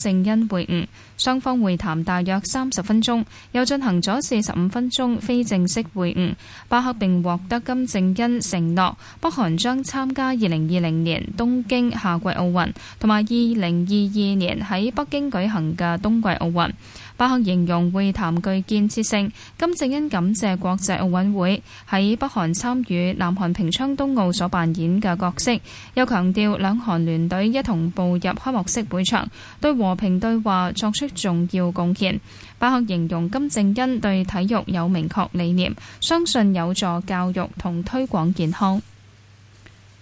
正恩會晤，雙方會談大約三十分鐘，又進行咗四十五分鐘非正式會晤。巴克並獲得金正恩承諾，北韓將參加二零二零年東京夏季奧運，同埋二零二二年喺北京舉行嘅冬季奧運。巴赫形容會談具建設性。金正恩感謝國際奧運會喺北韓參與南韓平昌冬奧所扮演嘅角色，又強調兩韓聯隊一同步入開幕式會場，對和平對話作出重要貢獻。巴赫形容金正恩對體育有明確理念，相信有助教育同推廣健康。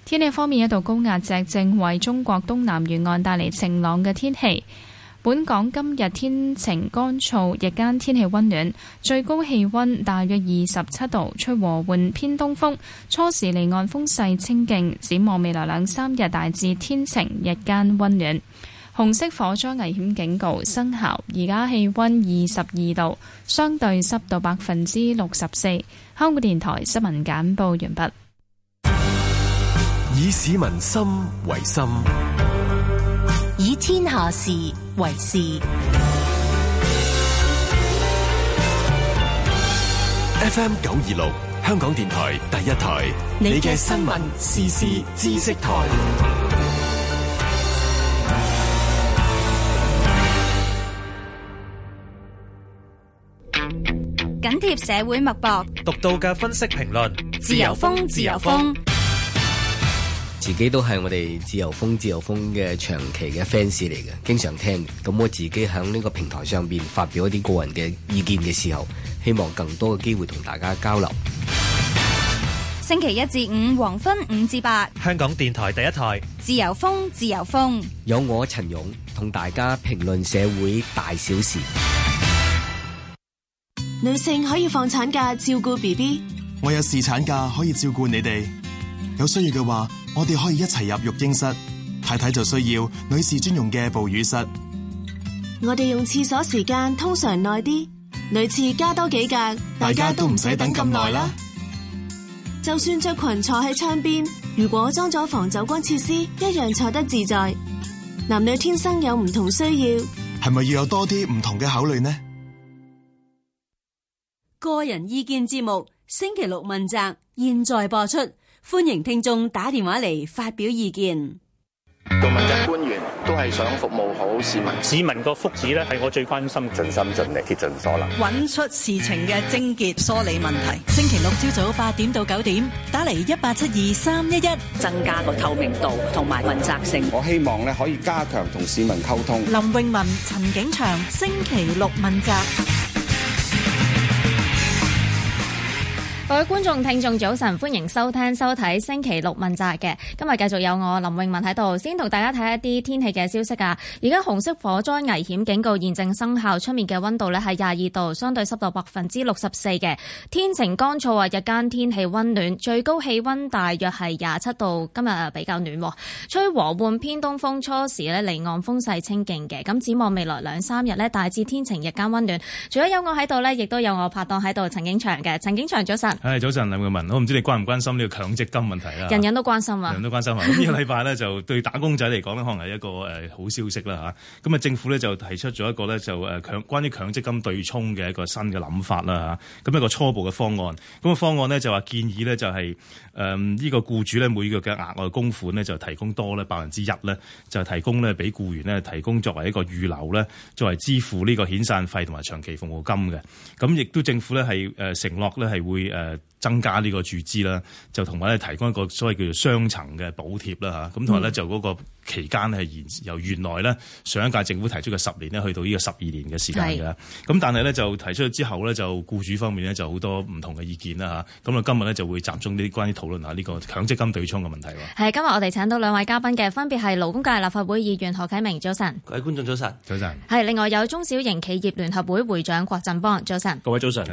天氣方面，一道高壓脊正為中國東南沿岸帶嚟晴朗嘅天氣。本港今日天晴乾燥，日間天氣溫暖，最高氣溫大約二十七度，吹和緩偏東風。初時離岸風勢清勁，展望未來兩三日大致天晴，日間溫暖。紅色火災危險警告生效，而家氣溫二十二度，相對濕度百分之六十四。香港電台新聞簡報完畢。以市民心為心，以天下事為事。FM 九二六，香港電台第一台，你嘅新聞、時事、知識台，緊貼社會脈搏，獨到嘅分析評論，自由風，自由風。自己都係我哋自由風自由風嘅長期嘅 fans 嚟嘅，經常聽。咁我自己喺呢個平台上邊發表一啲個人嘅意見嘅時候，希望更多嘅機會同大家交流。星期一至五黃昏五至八，香港電台第一台自由風自由風，有我陳勇同大家評論社會大小事。女性可以放產假照顧 BB，我有侍產假可以照顧你哋，有需要嘅話。我哋可以一齊入育嬰室，太太就需要女士專用嘅哺乳室。我哋用廁所時間通常耐啲，女廁加多幾格，大家都唔使等咁耐啦。就算着裙坐喺窗邊，如果裝咗防走光設施，一樣坐得自在。男女天生有唔同需要，係咪要有多啲唔同嘅考慮呢？個人意見節目，星期六問責，現在播出。歡迎聽眾打電話嚟發表意見。做問責官員都係想服務好市民，市民個福祉咧，係我最關心，盡心盡力竭盡所能，揾出事情嘅症結，梳理問題。星期六朝早八點到九點，打嚟一八七二三一一，增加個透明度同埋問責性。我希望咧可以加強同市民溝通。林詠雯、陳景祥，星期六問責。各位觀眾、聽眾，早晨，歡迎收聽、收睇星期六問責嘅。今日繼續有我林詠雯喺度，先同大家睇一啲天氣嘅消息啊！而家紅色火災危險警告現正生效，出面嘅溫度呢係廿二度，相對濕度百分之六十四嘅，天晴乾燥啊，日間天氣溫暖，最高氣溫大約係廿七度，今日比較暖，吹和緩偏東風，初時呢離岸風勢清勁嘅。咁展望未來兩三日呢，大致天晴，日間溫暖。除咗有我喺度呢，亦都有我拍檔喺度，陳景祥嘅。陳景祥早晨。唉，早晨林詠雯，我唔知你關唔關心呢個強積金問題啦、啊。人人都關心啊，人,人都關心啊。 呢個禮拜咧就對打工仔嚟講呢可能係一個誒、呃、好消息啦吓。咁啊，政府咧就提出咗一個咧就誒強、呃、關於強積金對沖嘅一個新嘅諗法啦吓。咁、啊、一個初步嘅方案。咁、那個方案咧就話建議呢，就係、是、誒、呃這個、呢個雇主咧每個月嘅額外供款呢，就提供多咧百分之一咧就提供咧俾雇員咧提供作為一個預留咧作為支付呢個遣散費同埋長期服務金嘅。咁亦都政府咧係誒承諾咧係會誒。呃增加呢個注資啦，就同埋咧提供一個所謂叫做雙層嘅補貼啦嚇，咁同埋咧就嗰個期間係由原來呢上一屆政府提出嘅十年呢去到呢個十二年嘅時間㗎。咁但係呢就提出咗之後呢就僱主方面呢就好多唔同嘅意見啦吓。咁啊今日呢就會集中啲關於討論下呢個強積金對沖嘅問題喎。係今日我哋請到兩位嘉賓嘅，分別係勞工界立法會議員何啟明，早晨。各位觀眾早晨，早晨。係另外有中小型企業聯合會會,會長郭振邦，早晨。各位早晨，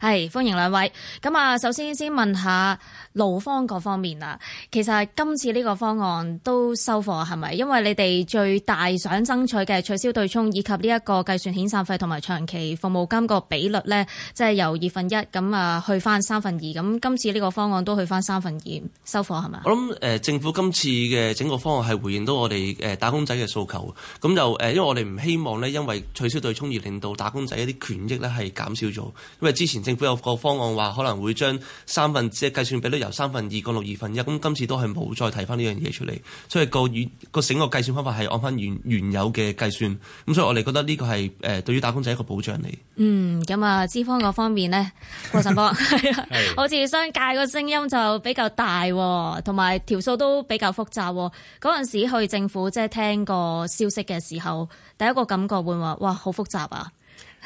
係歡迎兩位。咁啊，首先先問下勞方嗰方面啦。其實今次呢個方案都收貨合。唔係，因為你哋最大想爭取嘅取消對沖，以及呢一個計算遣散費同埋長期服務金個比率呢，即係由二分一咁啊，去翻三分二咁。今次呢個方案都去翻三分二收貨係咪？我諗誒政府今次嘅整個方案係回應到我哋誒打工仔嘅訴求，咁就誒因為我哋唔希望呢，因為取消對沖而令到打工仔一啲權益呢係減少咗，因為之前政府有個方案話可能會將三分即係計算比率由三分二降到二分一，咁今次都係冇再提翻呢樣嘢出嚟，所以個個整個計算方法係按翻原原有嘅計算，咁所以我哋覺得呢個係誒對於打工仔一個保障嚟。嗯，咁啊，資方嗰方面咧，郭振波啊， 好似商界個聲音就比較大喎，同埋條數都比較複雜喎。嗰時去政府即係聽個消息嘅時候，第一個感覺會話，哇，好複雜啊！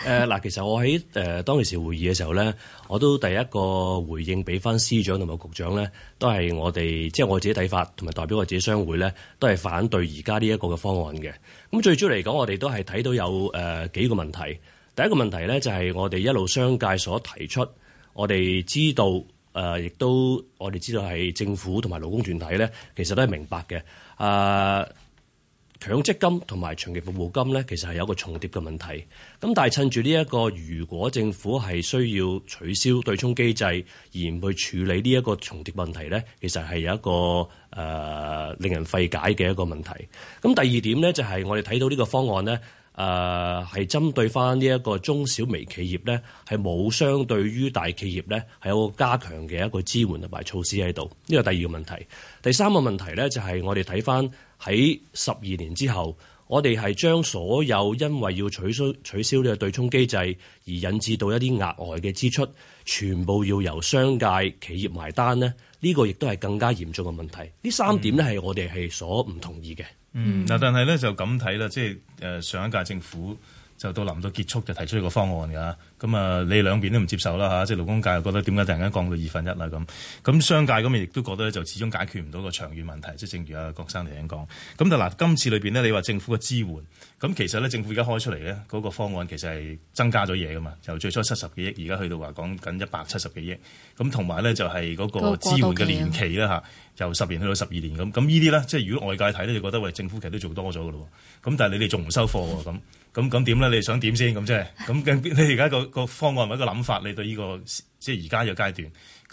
誒，嗱，其實我喺誒當其時會議嘅時候咧，我都第一個回應俾翻司長同埋局長咧，都係我哋，即係我自己睇法，同埋代表我自己的商會咧，都係反對而家呢一個嘅方案嘅。咁最主要嚟講，我哋都係睇到有誒幾個問題。第一個問題咧，就係我哋一路商界所提出，我哋知道誒，亦都我哋知道係政府同埋勞工團體咧，其實都係明白嘅。呃強積金同埋長期服務金咧，其實係有個重疊嘅問題。咁但係趁住呢一個，如果政府係需要取消對沖機制而唔去處理呢一個重疊問題咧，其實係有一個誒、呃、令人費解嘅一個問題。咁第二點咧，就係我哋睇到呢個方案咧，誒、呃、係針對翻呢一個中小微企業咧，係冇相對於大企業咧係有加強嘅一個支援同埋措施喺度。呢個第二個問題。第三個問題咧，就係我哋睇翻。喺十二年之後，我哋係將所有因為要取消取消呢個對沖機制而引致到一啲額外嘅支出，全部要由商界企業埋單咧。呢、呢個亦都係更加嚴重嘅問題。呢三點咧係我哋係所唔同意嘅。嗯，嗱、嗯嗯，但係咧就咁睇啦，即係誒上一屆政府就到臨到結束就提出一個方案㗎。咁啊，你兩邊都唔接受啦吓，即係勞工界又覺得點解突然間降到二分一啦咁。咁商界咁亦都覺得就始終解決唔到個長遠問題。即正如阿郭生提醒講，咁但嗱，今次裏面呢，你話政府嘅支援，咁其實咧政府而家開出嚟咧嗰個方案，其實係增加咗嘢噶嘛。由最初七十幾億，而家去到話講緊一百七十幾億。咁同埋咧就係嗰個支援嘅年期啦吓，由十年去到十二年咁。咁呢啲咧，即係如果外界睇咧，就覺得喂政府其實都做多咗噶咯。咁但係你哋仲唔收貨喎咁？咁咁點咧？你哋想點先咁即咁咁你而家個方是是個方案或者個諗法，你對呢個即係而家嘅階段，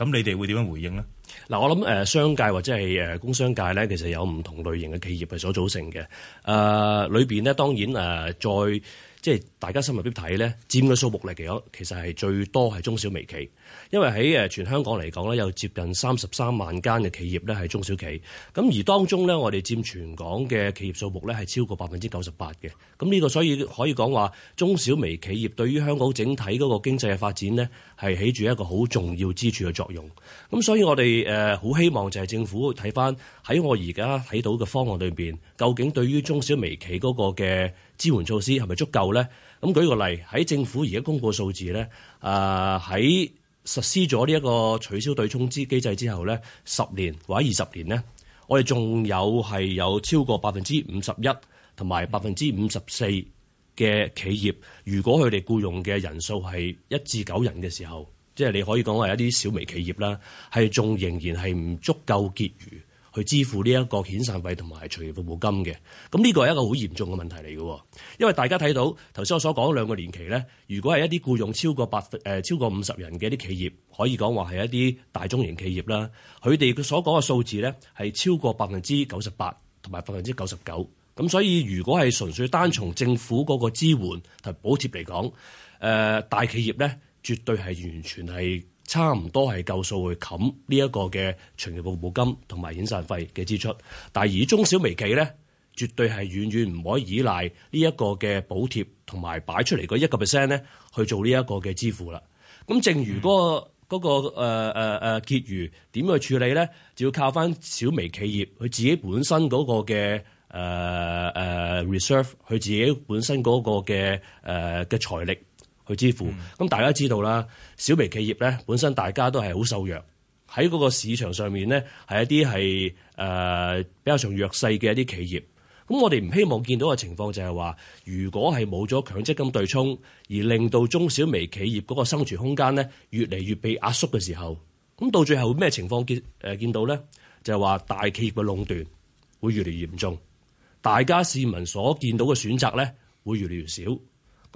咁你哋會點樣回應咧？嗱，我諗誒，商界或者係誒工商界咧，其實有唔同類型嘅企業係所組成嘅。誒，裏邊咧，當然誒再。即係大家深入啲睇咧，佔嘅數目嚟講，其實係最多係中小微企，因為喺誒全香港嚟講咧，有接近三十三萬間嘅企業咧係中小企，咁而當中咧，我哋佔全港嘅企業數目咧係超過百分之九十八嘅，咁呢個所以可以講話中小微企業對於香港整體嗰個經濟嘅發展咧，係起住一個好重要之處嘅作用。咁所以我哋誒好希望就係政府睇翻喺我而家睇到嘅方案裏邊，究竟對於中小微企嗰個嘅。支援措施係咪足夠咧？咁舉個例，喺政府而家公佈數字咧，誒喺實施咗呢一個取消對沖資機制之後咧，十年或者二十年咧，我哋仲有係有超過百分之五十一同埋百分之五十四嘅企業，如果佢哋僱用嘅人數係一至九人嘅時候，即係你可以講係一啲小微企業啦，係仲仍然係唔足夠結餘，去支付呢一個遣散費同埋除業服務金嘅，咁呢個係一個好嚴重嘅問題嚟嘅。因為大家睇到頭先我所講兩個年期咧，如果係一啲僱用超過百分、呃、超過五十人嘅啲企業，可以講話係一啲大中型企業啦。佢哋所講嘅數字咧係超過百分之九十八同埋百分之九十九。咁所以如果係純粹單從政府嗰個支援同補貼嚟講，大企業咧絕對係完全係，差唔多係夠數去冚呢一個嘅長期服務金同埋遣散費嘅支出，但係而中小微企咧，絕對係遠遠唔可以依賴呢一個嘅補貼同埋擺出嚟嗰一個 percent 咧去做呢一個嘅支付啦。咁正如嗰個嗰個誒誒誒結餘點去處理咧，就要靠翻小微企業佢自己本身嗰個嘅誒誒 reserve，佢自己本身嗰個嘅誒嘅財力。去支付，咁大家知道啦，小微企業咧本身大家都係好瘦弱，喺嗰個市場上面咧係一啲係誒比較上弱勢嘅一啲企業，咁我哋唔希望見到嘅情況就係話，如果係冇咗強積金對沖，而令到中小微企業嗰個生存空間咧越嚟越被壓縮嘅時候，咁到最後咩情況見誒見到咧，就係話大企業嘅壟斷會越嚟越嚴重，大家市民所見到嘅選擇咧會越嚟越少。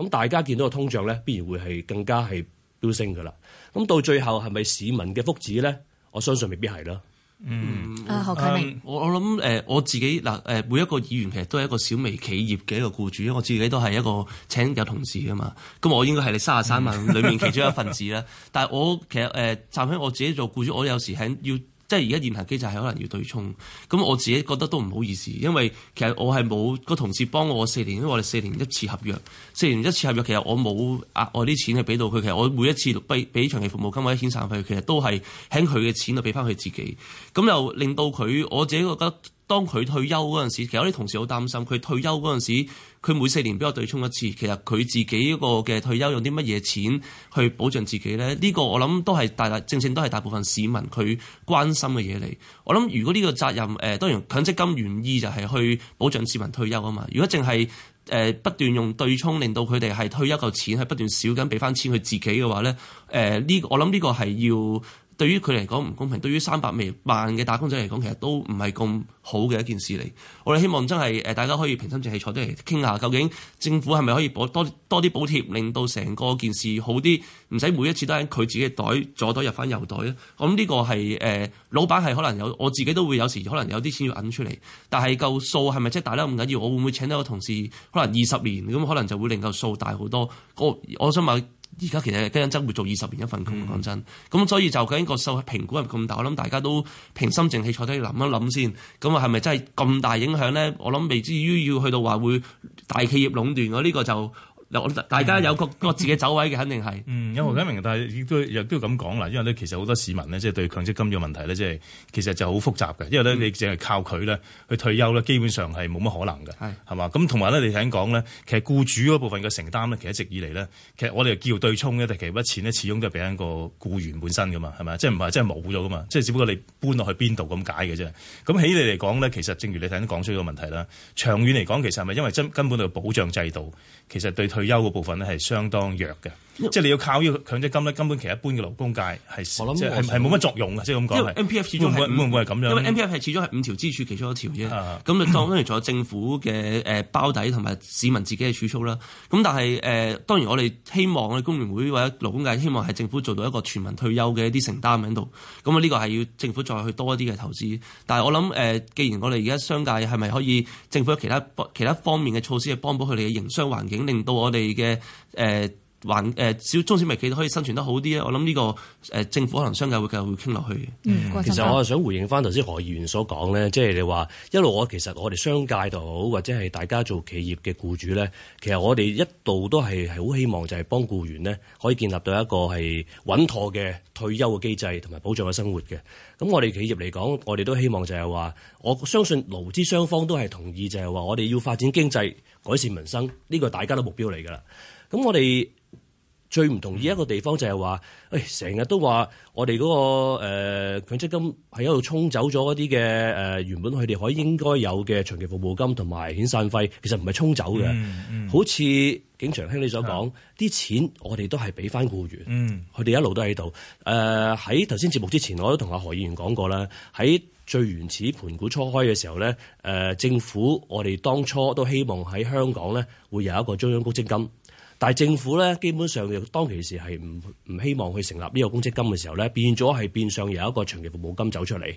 咁大家見到個通脹咧，必然會係更加係飆升噶啦。咁到最後係咪市民嘅福祉咧？我相信未必係啦。嗯，阿何啟明、嗯呃，我我諗、呃、我自己嗱、呃呃、每一個議員其實都係一個小微企業嘅一個僱主，因為我自己都係一個請有同事噶嘛。咁我應該係你三十三萬裏面其中一份子、嗯、啦。 但係我其實誒，站、呃、喺我自己做僱主，我有時喺要。即係而家現行機制係可能要對沖，咁我自己覺得都唔好意思，因為其實我係冇個同事幫我四年，因為我哋四年一次合約，四年一次合約，其實我冇額外啲錢係俾到佢，其實我每一次俾俾長期服務金或者遣散費，其實都係喺佢嘅錢就俾翻佢自己，咁又令到佢，我自己覺得。當佢退休嗰陣時，其實有啲同事好擔心。佢退休嗰陣時，佢每四年俾我對沖一次。其實佢自己一個嘅退休用啲乜嘢錢去保障自己咧？呢、呢個我諗都係大大，正正都係大部分市民佢關心嘅嘢嚟。我諗如果呢個責任，誒、呃、當然強積金原意就係去保障市民退休啊嘛。如果淨係誒不斷用對沖，令到佢哋係退休個錢係不斷少緊，俾翻錢佢自己嘅話咧，呢、呃這個，我諗呢個係要。對於佢嚟講唔公平，對於三百萬嘅打工仔嚟講，其實都唔係咁好嘅一件事嚟。我哋希望真係誒，大家可以平心靜氣坐低嚟傾下談談，究竟政府係咪可以補多多啲補貼，令到成個件事好啲，唔使每一次都喺佢自己嘅袋左袋入翻右袋咧。咁、嗯、呢、呢個係誒、呃，老闆係可能有，我自己都會有時可能有啲錢要揞出嚟，但係夠數係咪即係大家咁緊要？我會唔會請到個同事，可能二十年咁，可能就會令夠數大好多。我我想問。而家其實跟真會做二十年一份工，講、嗯、真。咁所以就究竟個數評估係咁大？我諗大家都平心靜氣坐低諗一諗先。咁啊，係咪真係咁大影響呢？我諗未至於要去到話會大企業壟斷，我、這、呢個就。大家有個個自己走位嘅，肯定係。嗯。有、嗯嗯、何啟明，但係亦都亦、嗯、都咁講啦，因為咧，其實好多市民咧，即係對強積金嘅問題咧，即係其實就好複雜嘅。因為咧，你淨係靠佢咧去退休咧，基本上係冇乜可能嘅。係。係嘛？咁同埋咧，你頭先講咧，其實僱主嗰部分嘅承擔咧，其實一直以嚟咧，其實我哋叫對沖咧，其實嗰筆錢咧，始終都係俾一個僱員本身噶嘛，係咪即係唔係即係冇咗噶嘛？即係只不過你搬落去邊度咁解嘅啫。咁起你嚟講咧，其實正如你頭先講出個問題啦。長遠嚟講，其實係咪因為真根本係保障制度？其實對退休嘅部分咧係相當弱嘅。即係你要靠呢個強積金咧，根本其實一般嘅勞工界係我諗即係係冇乜作用嘅，即係咁講因為 MPF 始終會會唔會係咁樣？因為 MPF 係始終係五,五條支柱其中一條啫。咁、啊、當當然仲有政府嘅包底同埋市民自己嘅儲蓄啦。咁但係誒、呃，當然我哋希望我哋工聯會或者勞工界希望係政府做到一個全民退休嘅一啲承擔喺度。咁啊，呢個係要政府再去多一啲嘅投資。但係我諗、呃、既然我哋而家商界係咪可以政府有其他其他方面嘅措施，去幫補佢哋嘅營商環境，令到我哋嘅還呃、小中小微企都可以生存得好啲，我諗呢個、呃、政府可能商界會繼續傾落去、嗯、其實我想回應翻頭先何議員所講咧，即係你話一路我其實我哋商界又好，或者係大家做企業嘅僱主咧，其實我哋一度都係好希望就係幫僱員呢，可以建立到一個係穩妥嘅退休嘅機制同埋保障嘅生活嘅。咁我哋企業嚟講，我哋都希望就係話，我相信勞資雙方都係同意就係話，我哋要發展經濟、改善民生，呢個大家都目標嚟㗎啦。咁我哋。最唔同意一個地方就係話，誒成日都話我哋嗰、那個誒強積、呃、金係一路沖走咗啲嘅誒原本佢哋可以應該有嘅長期服務金同埋遣散費，其實唔係沖走嘅、嗯嗯。好似景祥兄你所講，啲錢我哋都係俾翻僱員，佢、嗯、哋一路都喺度。誒喺頭先節目之前，我都同阿何議員講過啦。喺最原始盤古初開嘅時候咧，誒、呃、政府我哋當初都希望喺香港咧會有一個中央公積金。但係政府咧，基本上當其時係唔唔希望去成立呢個公積金嘅時候咧，變咗係變相由一個長期服務金走出嚟。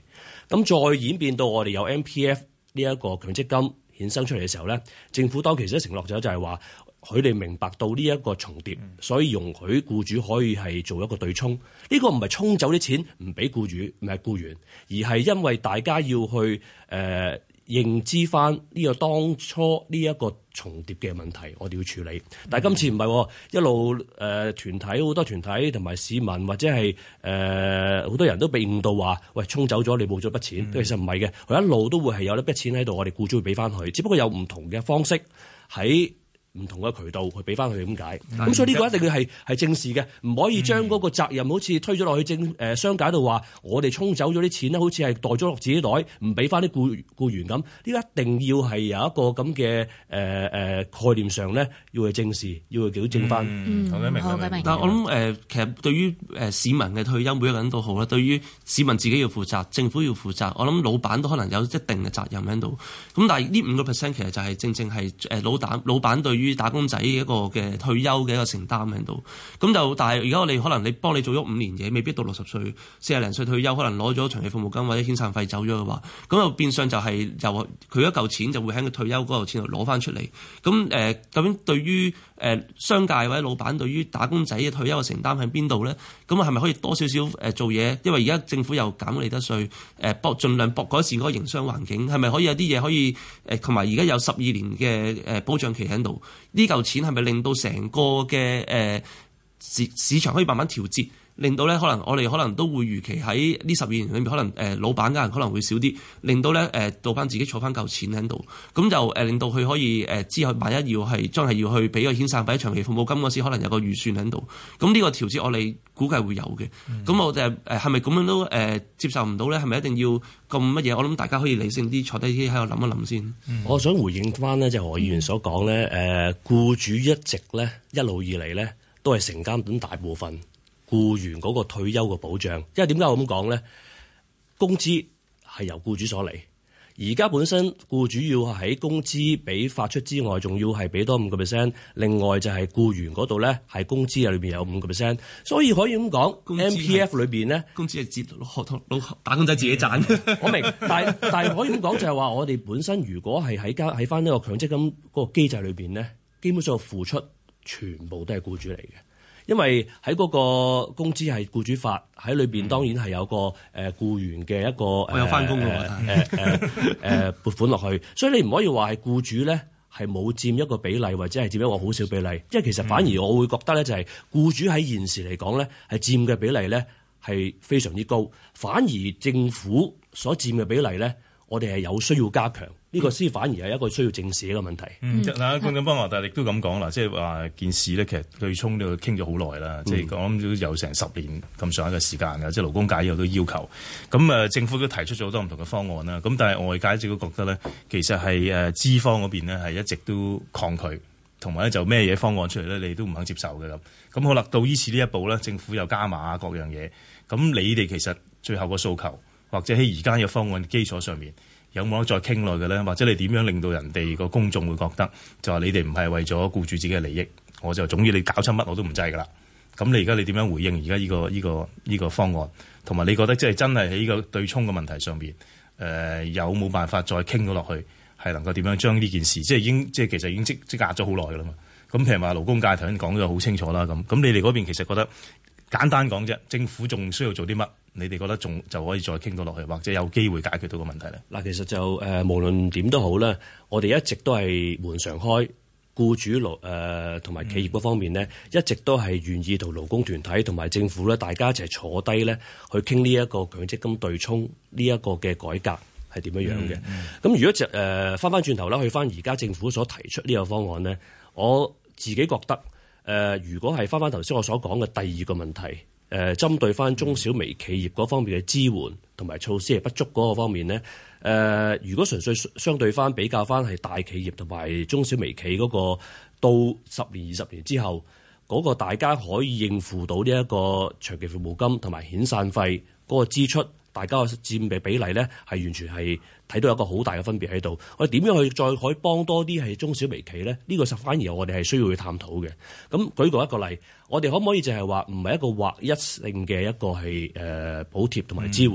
咁再演變到我哋有 MPF 呢一個強積金衍生出嚟嘅時候咧，政府當其時都承諾咗，就係話佢哋明白到呢一個重疊，所以容許僱主可以係做一個對沖。呢、這個唔係沖走啲錢唔俾僱主唔係僱員，而係因為大家要去誒。呃認知翻呢個當初呢一個重疊嘅問題，我哋要處理。但係今次唔係，一路誒、呃、團體好多團體同埋市民或者係誒好多人都被誤導話，喂，沖走咗你冇咗筆錢，其實唔係嘅，佢一路都會係有啲筆錢喺度，我哋僱主會俾翻佢，只不過有唔同嘅方式喺。唔同嘅渠道去俾翻佢哋。咁解，咁所以呢個一定要係係正視嘅，唔可以將嗰個責任好似推咗落去政誒商界度話，我哋沖走咗啲錢咧，好似係袋咗落自己袋，唔俾翻啲僱僱員咁，呢、呢個一定要係有一個咁嘅誒概念上咧，要去正視，要去糾正翻。嗯嗯、明但係我諗、呃、其實對於市民嘅退休，每一個人都好啦。對於市民自己要負責，政府要負責，我諗老闆都可能有一定嘅責任喺度。咁但係呢五個 percent 其實就係正正係老老闆對於於打工仔一個嘅退休嘅一個承擔喺度，咁就但係而家我哋可能你幫你做咗五年嘢，未必到六十歲四十零歲退休，可能攞咗長期服務金或者遣散費走咗嘅話，咁就變相就係由佢一嚿錢就會喺佢退休嗰嚿錢度攞翻出嚟。咁誒、呃、究竟對於商界或者老闆對於打工仔嘅退休嘅承擔喺邊度咧？咁係咪可以多少少做嘢？因為而家政府又減利得稅，誒博儘量博改善嗰個營商環境，係咪可以有啲嘢可以同埋而家有十二年嘅誒保障期喺度？呢嚿錢係咪令到成個嘅誒市市場可以慢慢調節？令到咧，可能我哋可能都會預期喺呢十二年裏面，可能誒老闆嘅人可能會少啲，令到咧誒倒翻自己坐翻嚿錢喺度，咁就誒、呃、令到佢可以誒之後萬一要係將係要去俾個遣散費、一長期服務金嗰時，可能有個預算喺度。咁呢個調節我哋估計會有嘅。咁、嗯、我哋誒係咪咁樣都誒、呃、接受唔到咧？係咪一定要咁乜嘢？我諗大家可以理性啲坐低，先喺度諗一諗先。我想回應翻呢，就何議員所講咧，誒、嗯、僱、呃、主一直咧一路以嚟咧都係承擔緊大部分。雇員嗰個退休嘅保障，因為點解我咁講咧？工資係由雇主所嚟，而家本身雇主要係喺工資俾發出之外，仲要係俾多五個 percent，另外就係雇員嗰度咧，係工資啊裏邊有五個 percent，所以可以咁講，MPF 裏邊咧，工資係接老,老,老打工仔自己賺， 我明，但係 但係可以咁講，就係、是、話我哋本身如果係喺家喺翻呢個強積金嗰個機制裏邊咧，基本上付出全部都係雇主嚟嘅。因為喺嗰個工資係僱主發，喺裏邊，當然係有個誒僱員嘅一個我有翻工㗎，誒、呃啊 呃呃呃、撥款落去，所以你唔可以話係僱主咧係冇佔一個比例，或者係佔一個好少比例。因為其實反而我會覺得咧，就係僱主喺現時嚟講咧係佔嘅比例咧係非常之高，反而政府所佔嘅比例咧，我哋係有需要加強。呢、這個先反而係一個需要正視嘅問題。嗱、嗯嗯，郭振邦華大力都咁講啦，即係話件事咧，其實對沖都傾咗好耐啦，即係講都有成十年咁上下嘅時間嘅，即係勞工界有啲要求，咁誒政府都提出咗好多唔同嘅方案啦。咁但係外界一直都覺得咧，其實係誒資方嗰邊咧係一直都抗拒，同埋咧就咩嘢方案出嚟咧，你都唔肯接受嘅咁。咁好啦，到依次呢一步咧，政府又加碼各樣嘢。咁你哋其實最後個訴求，或者喺而家嘅方案基礎上面。有冇得再傾耐嘅咧？或者你點樣令到人哋個公眾會覺得，就話你哋唔係為咗顧住自己嘅利益，我就總要你搞親乜我都唔制噶啦。咁你而家你點樣回應而家呢個呢個呢個方案？同埋你覺得即係真係喺呢個對沖嘅問題上面，誒、呃、有冇辦法再傾到落去，係能夠點樣將呢件事，即係已經即係其實已經積積壓咗好耐噶啦嘛？咁譬如話勞工界頭先講咗好清楚啦，咁咁你哋嗰邊其實覺得簡單講啫，政府仲需要做啲乜？你哋覺得仲就可以再傾到落去，或者有機會解決到個問題咧？嗱，其實就誒，無論點都好咧，我哋一直都係門常開，僱主勞誒同埋企業嗰方面咧、嗯，一直都係願意同勞工團體同埋政府咧，大家一齊坐低咧去傾呢一個強積金對沖呢一、呢個嘅改革係點樣樣嘅。咁、嗯嗯、如果就返翻翻轉頭啦，去翻而家政府所提出呢個方案咧，我自己覺得誒、呃，如果係翻翻頭先我所講嘅第二個問題。誒針對翻中小微企業嗰方面嘅支援同埋措施係不足嗰個方面呢，誒如果純粹相對翻比較翻係大企業同埋中小微企，嗰個到十年二十年之後嗰個，大家可以應付到呢一個長期服務金同埋遣散費嗰個支出，大家嘅佔嘅比例呢，係完全係。睇到一個好大嘅分別喺度，我哋點樣去再可以幫多啲係中小微企咧？呢個反反而我哋係需要去探討嘅。咁舉個一個例，我哋可唔可以就係話唔係一個劃一性嘅一個係誒補貼同埋支援，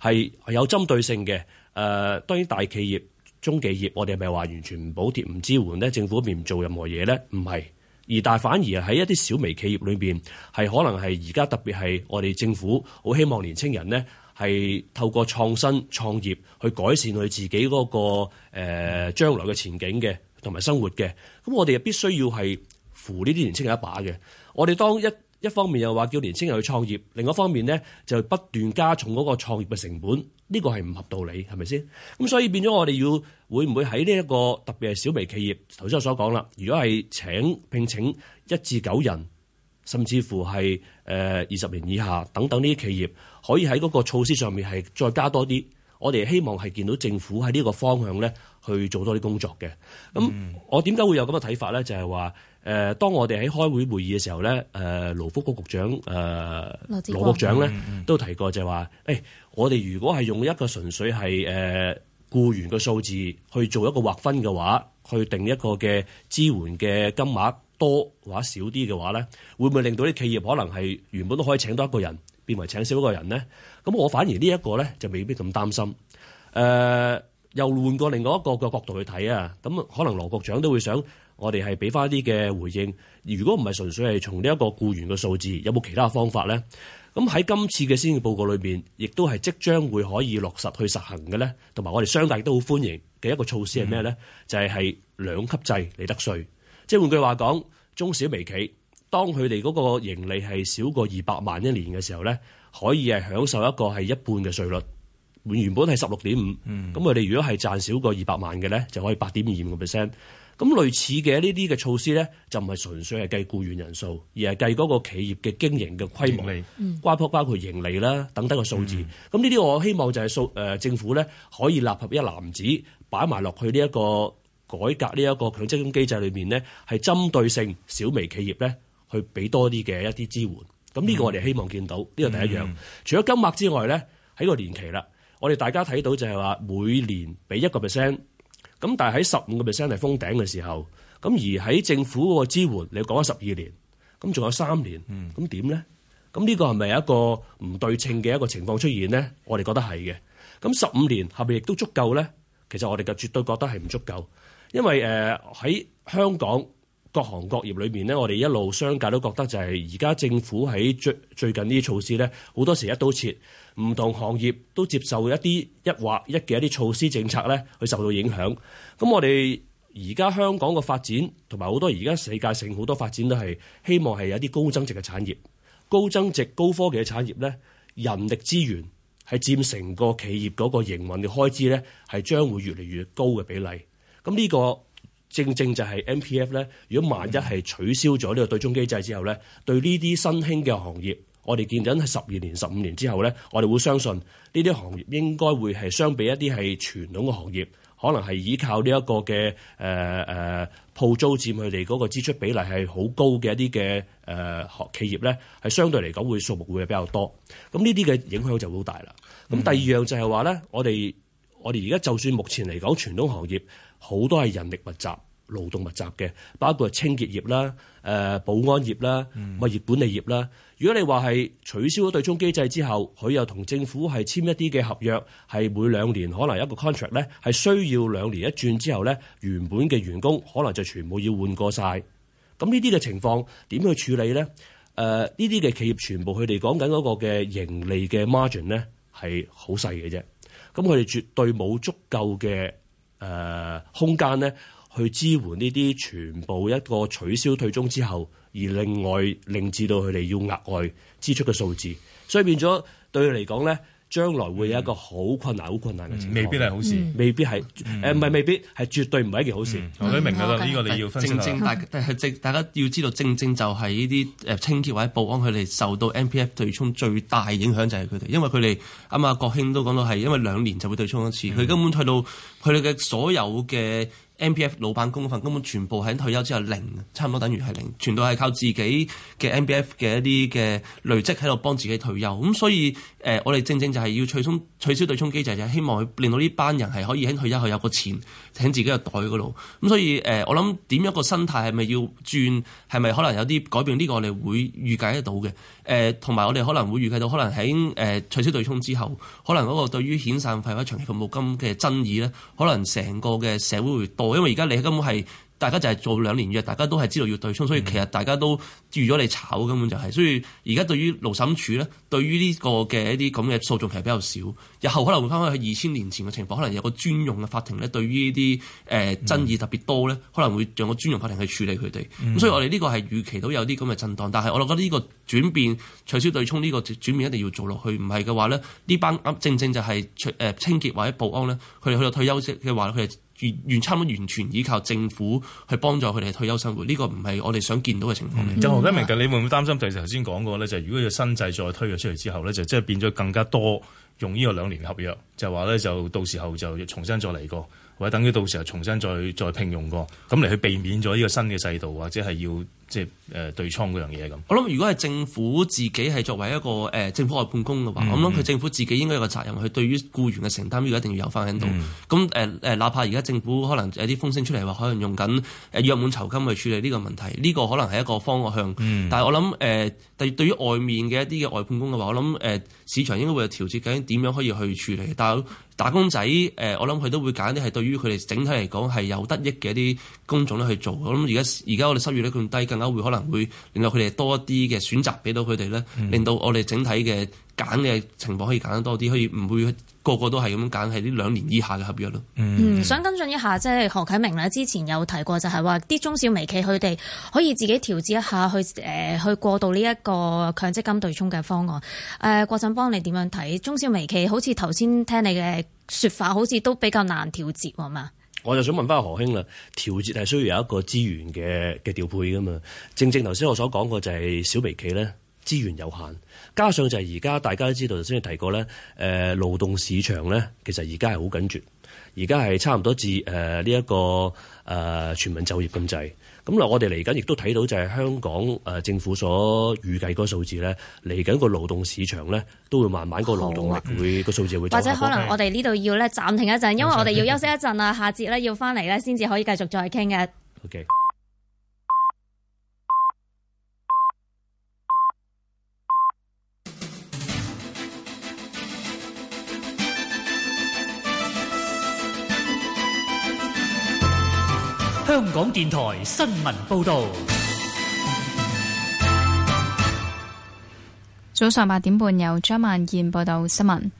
係有針對性嘅。誒、呃、當然大企業、中企業，我哋係咪話完全唔補貼、唔支援呢？政府邊唔做任何嘢呢？唔係，而但係反而喺一啲小微企業裏邊，係可能係而家特別係我哋政府好希望年青人呢。係透過創新創業去改善佢自己嗰、那個誒、呃、將來嘅前景嘅，同埋生活嘅。咁我哋又必須要係扶呢啲年輕人一把嘅。我哋當一一方面又話叫年輕人去創業，另一方面呢就不斷加重嗰個創業嘅成本，呢個係唔合道理，係咪先？咁所以變咗我哋要會唔會喺呢一個特別係小微企業。頭先我所講啦，如果係請聘請一至九人。甚至乎係誒二十年以下等等呢啲企業，可以喺嗰個措施上面係再加多啲。我哋希望係見到政府喺呢個方向咧去做多啲工作嘅。咁我點解會有咁嘅睇法咧？就係話誒，當我哋喺開會會議嘅時候咧，誒勞福局局長誒、呃、羅局長咧都提過，就係話，就話誒我哋如果係用一個純粹係誒僱員嘅數字去做一個劃分嘅話，去定一個嘅支援嘅金額。多或者少啲嘅話，咧，會唔會令到啲企業可能係原本都可以請多一個人，變為請少一個人咧？咁我反而呢一個咧就未必咁擔心。誒、呃，又換過另外一個嘅角度去睇啊，咁可能羅局長都會想，我哋係俾翻一啲嘅回應。如果唔係純粹係從呢一個僱員嘅數字，有冇其他方法咧？咁喺今次嘅先至報告裏面，亦都係即將會可以落實去實行嘅咧，同埋我哋商界都好歡迎嘅一個措施係咩咧？嗯、就係係兩級制利得稅。即係換句話講，中小微企當佢哋嗰個盈利係少過二百萬一年嘅時候咧，可以係享受一個係一半嘅稅率，原本係十六點五。咁佢哋如果係賺少過二百萬嘅咧，就可以八點二五個 percent。咁類似嘅呢啲嘅措施咧，就唔係純粹係計僱員人數，而係計嗰個企業嘅經營嘅規模，嗯嗯，包括包括盈利啦等等嘅數字。咁呢啲我希望就係蘇誒政府咧可以立合一籃子擺埋落去呢一個。改革呢一個強積金機制裏面咧，係針對性小微企業咧，去俾多啲嘅一啲支援。咁呢個我哋希望見到呢個第一樣。除咗金額之外咧，喺個年期啦，我哋大家睇到就係話每年俾一個 percent 咁，但係喺十五個 percent 係封頂嘅時候咁，而喺政府嗰個支援，你講咗十二年咁，仲有三年咁點咧？咁呢個係咪一個唔對稱嘅一個情況出現咧？我哋覺得係嘅。咁十五年係咪亦都足夠咧？其實我哋就絕對覺得係唔足夠。因為誒喺香港各行各業裏面咧，我哋一路商界都覺得就係而家政府喺最最近呢啲措施咧，好多時一刀切，唔同行業都接受一啲一或一嘅一啲措施政策咧，佢受到影響。咁我哋而家香港嘅發展同埋好多而家世界性好多發展都係希望係有啲高增值嘅產業、高增值高科技嘅產業咧，人力資源係佔成個企業嗰個營運嘅開支咧，係將會越嚟越高嘅比例。咁呢個正正就係 MPF 咧。如果萬一係取消咗呢個對沖機制之後咧，對呢啲新興嘅行業，我哋見緊係十二年、十五年之後咧，我哋會相信呢啲行業應該會係相比一啲係傳統嘅行業，可能係依靠呢一個嘅誒誒鋪租佔佢哋嗰個支出比例係好高嘅一啲嘅誒學企業咧，係相對嚟講會數目會比較多。咁呢啲嘅影響就會好大啦。咁第二樣就係話咧，我哋我哋而家就算目前嚟講傳統行業。好多係人力密集、勞動密集嘅，包括清潔業啦、誒、呃、保安業啦、物、嗯、業管理業啦。如果你話係取消咗對沖機制之後，佢又同政府係簽一啲嘅合約，係每兩年可能一個 contract 咧，係需要兩年一轉之後咧，原本嘅員工可能就全部要換過晒。咁呢啲嘅情況點去處理咧？誒、呃，呢啲嘅企業全部佢哋講緊嗰個嘅盈利嘅 margin 咧係好細嘅啫。咁佢哋絕對冇足夠嘅。誒、空間呢，去支援呢啲全部一個取消對沖之後，而另外令至到佢哋要額外支出嘅數字，所以變咗對佢嚟講咧。將來會有一個好困難、好、嗯、困難嘅情況，嗯、未必係好事，嗯、未必係，誒、嗯，唔、呃、係未必係，絕對唔係一件好事。嗯、我都明白啦，呢、嗯呢個你要分析。正正大正、嗯，大家要知道，正正就係呢啲清潔或者保安，佢哋受到 M P F 對沖最大影響就係佢哋，因為佢哋啱啊國慶都講到係，因為兩年就會對沖一次，佢、嗯、根本去到佢哋嘅所有嘅。M.P.F. 老闆公份根本全部喺退休之後零，差唔多等於係零，全部係靠自己嘅 M.P.F. 嘅一啲嘅累積喺度幫自己退休。咁所以誒，我哋正正就係要取消取消對沖機制，就係、希望佢令到呢班人係可以喺退休後有個錢喺自己個袋嗰度。咁所以誒，我諗點樣個生態係咪要轉？係咪可能有啲改變？呢、呢個我哋會預計得到嘅。誒，同埋我哋可能會預計到，可能喺誒取消對沖之後，可能嗰個對於遣散費或者長期服務金嘅爭議咧，可能成個嘅社會會多。因為而家你根本係大家就係做兩年約，大家都係知道要對沖，所以其實大家都預咗你炒根本就係、是。所以而家對於勞審處咧，對於呢個嘅一啲咁嘅訴訟其實比較少。日後可能會翻返去二千年前嘅情況，可能有個專用嘅法庭咧。對於呢啲誒爭議特別多咧，可能會用個專用法庭去處理佢哋。咁、嗯、所以我哋呢個係預期到有啲咁嘅震盪。但係我覺得呢個轉變取消對沖呢個轉變一定要做落去。唔係嘅話咧，呢班啱正正就係誒清潔或者保安咧，佢哋去到退休式嘅話，佢哋。完原，差唔多完全依靠政府去幫助佢哋退休生活，呢、這個唔係我哋想見到嘅情況。就何啟明，就你會唔會擔心？就係頭先講過呢，就如果要新制再推咗出嚟之後呢，就即係變咗更加多用呢個兩年合約，就話、是、呢，就到時候就重新再嚟過，或者等於到時候重新再再聘用過，咁嚟去避免咗呢個新嘅制度或者係要。即係誒對倉嗰樣嘢咁。我諗如果係政府自己係作為一個誒、呃、政府外判工嘅話，嗯、我諗佢政府自己應該有個責任去對於僱員嘅承擔要一定要有翻喺度。咁誒誒，哪怕而家政府可能有啲風聲出嚟話可能用緊誒約滿酬金去處理呢個問題，呢、這個可能係一個方向。嗯、但係我諗誒，對、呃、對於外面嘅一啲嘅外判工嘅話，我諗誒、呃、市場應該會調節緊點樣可以去處理。但係。打工仔誒，我諗佢都會揀啲係對於佢哋整體嚟講係有得益嘅一啲工種咧去做。我諗而家而家我哋失業率咁低，更加會可能會令到佢哋多一啲嘅選擇俾到佢哋咧，令到我哋整體嘅揀嘅情況可以揀得多啲，可以唔會。個個都係咁樣揀，係呢兩年以下嘅合約咯、嗯。嗯，想跟進一下，即係何啟明咧，之前有提過就，就係話啲中小微企佢哋可以自己調節一下，去誒去過渡呢一個強積金對沖嘅方案。誒、呃，郭振邦你點樣睇？中小微企好似頭先聽你嘅說法，好似都比較難調節係嘛？我就想問翻何兄啦，調節係需要有一個資源嘅嘅調配噶嘛？正正頭先我所講過就係小微企咧。資源有限，加上就係而家大家都知道，頭先提過咧。誒勞動市場咧，其實而家係好緊絕，而家係差唔多至誒呢一個誒全民就業咁滯。咁嗱，我哋嚟緊亦都睇到就係香港誒政府所預計嗰個數字咧，嚟緊個勞動市場咧都會慢慢個勞動力、啊、會個數字會或者可能我哋呢度要咧暫停一陣，因為我哋要休息一陣啦。 下節咧要翻嚟咧，先至可以繼續再傾嘅。Okay. 香港電台新聞報道，早上八點半由張萬燕報道新聞。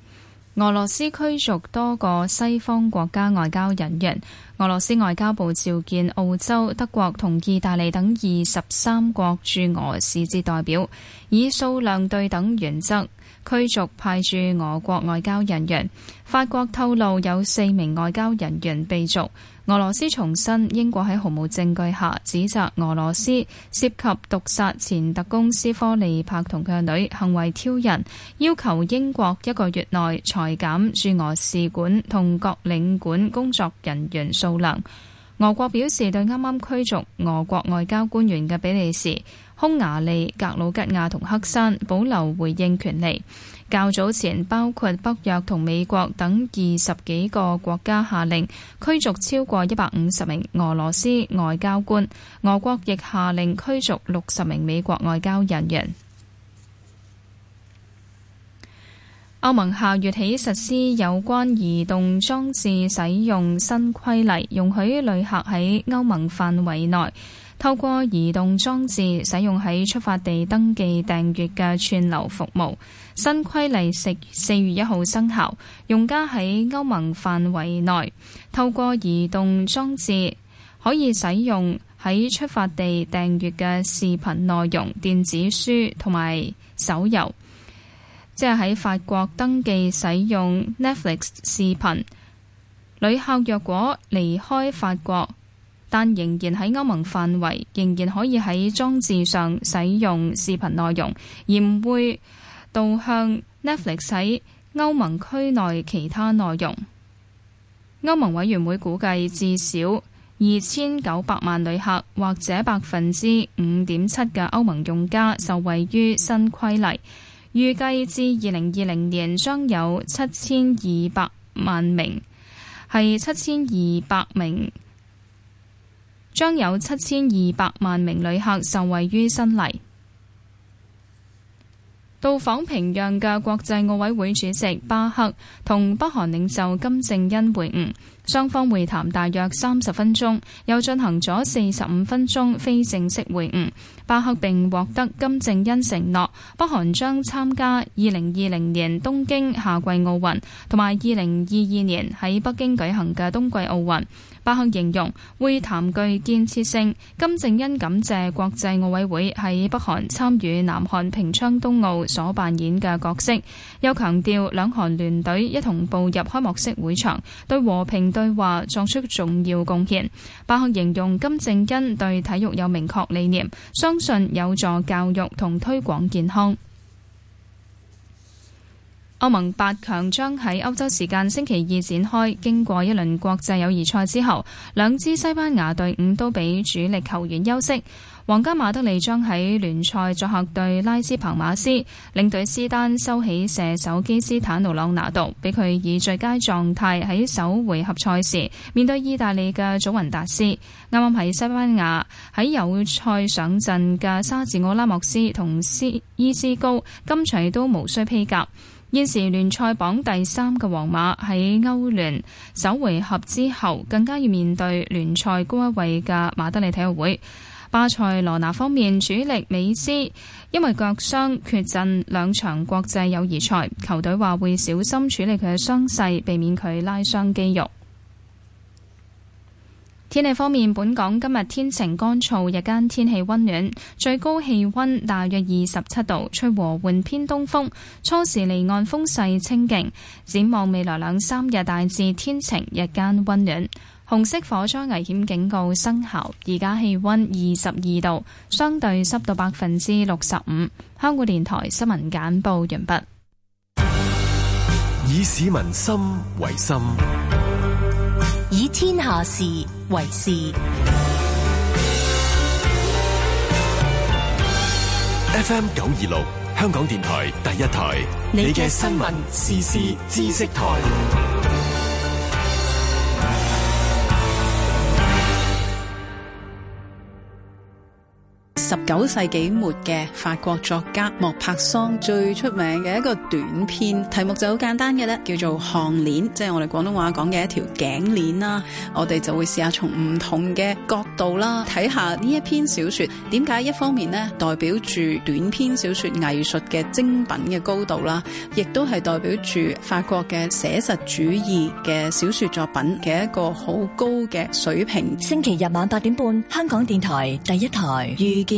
俄羅斯驅逐多個西方國家外交人員。俄羅斯外交部召見澳洲、德國同意大利等二十三國駐俄使節代表，以數量對等原則驅逐派駐俄國外交人員。法國透露有四名外交人員被逐。俄羅斯重申，英國喺毫無證據下指責俄羅斯涉及毒殺前特工斯科利帕同佢女，行為挑釁，要求英國一個月內裁減駐俄使館同各領館工作人員數量。俄國表示對啱啱驅逐俄國外交官員嘅比利時、匈牙利、格魯吉亞同黑山保留回應權利。較早前，包括北約同美國等二十幾個國家下令驅逐超過一百五十名俄羅斯外交官。俄國亦下令驅逐六十名美國外交人員。歐盟下月起實施有關移動裝置使用新規例，容許旅客喺歐盟範圍內透過移動裝置使用喺出發地登記訂閲嘅串流服務。新規例四月一號生效，用家喺歐盟範圍內透過移動裝置可以使用喺出發地訂閱嘅視頻內容、電子書同埋手遊。即係喺法國登記使用 Netflix 視頻，旅客若果離開法國，但仍然喺歐盟範圍，仍然可以喺裝置上使用視頻內容，而唔會。導向 Netflix 喺歐盟區內其他內容。歐盟委員會估計至少二千九百萬旅客或者百分之五點七嘅歐盟用家受惠於新規例。預計至二零二零年將有七千二百萬名係七千二百名，將有七千二百萬名旅客受惠於新例。到訪平壤嘅國際奧委會主席巴赫同北韓領袖金正恩會晤，雙方會談大約三十分鐘，又進行咗四十五分鐘非正式會晤。巴赫並獲得金正恩承諾，北韓將參加二零二零年東京夏季奧運同埋二零二二年喺北京舉行嘅冬季奧運。巴克形容會談具建設性。金正恩感謝國際奧委會喺北韓參與南韓平昌冬奧所扮演嘅角色，又強調兩韓聯隊一同步入開幕式會場，對和平對話作出重要貢獻。巴克形容金正恩對體育有明確理念，相信有助教育同推廣健康。歐盟八強將喺歐洲時間星期二展開。經過一輪國際友誼賽之後，兩支西班牙隊伍都俾主力球員休息。皇家馬德里將喺聯賽作客對拉斯彭馬斯，領隊斯丹收起射手基斯坦奴·朗拿度，俾佢以最佳狀態喺首回合賽時面對意大利嘅祖雲達斯。啱啱喺西班牙喺友賽上陣嘅沙治奧·拉莫斯同斯伊斯高今場都無需披甲。現時聯賽榜第三嘅皇馬喺歐聯首回合之後，更加要面對聯賽高一位嘅馬德里體育會。巴塞羅那方面，主力美斯因為腳傷缺陣兩場國際友誼賽，球隊話會小心處理佢嘅傷勢，避免佢拉傷肌肉。天氣方面，本港今日天晴乾燥，日間天氣溫暖，最高氣溫大約二十七度，吹和緩偏東風，初時離岸風勢清勁。展望未來兩三日，大致天晴，日間温暖。紅色火災危險警告生效，而家氣温二十二度，相對濕度百分之六十五。香港電台新聞簡報完畢。以市民心為心。天下事為事，FM 九二六，香港電台第一台，你嘅新聞時事知識台。十九世紀末嘅法國作家莫泊桑最出名嘅一個短篇，題目就好簡單嘅咧，叫做項鏈，即係、就是、我哋廣東話講嘅一條頸鏈啦。我哋就會試下從唔同嘅角度啦，睇下呢一篇小說點解，一方面呢，代表住短篇小說藝術嘅精品嘅高度啦，亦都係代表住法國嘅寫實主義嘅小說作品嘅一個好高嘅水平。星期日晚八點半，香港電台第一台，遇見。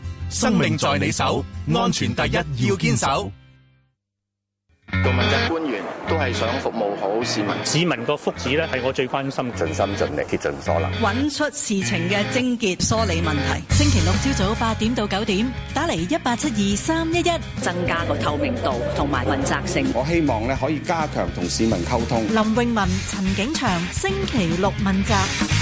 生命在你手，安全第一要堅守。做問責官員都係想服務好市民，市民個福祉咧係我最關心，盡心盡力竭盡所能。搵出事情嘅症結，梳理問題。星期六朝早八點到九點，打嚟一八七二三一一，增加個透明度同埋問責性。我希望咧可以加強同市民溝通。林詠雯、陳景祥，星期六問責。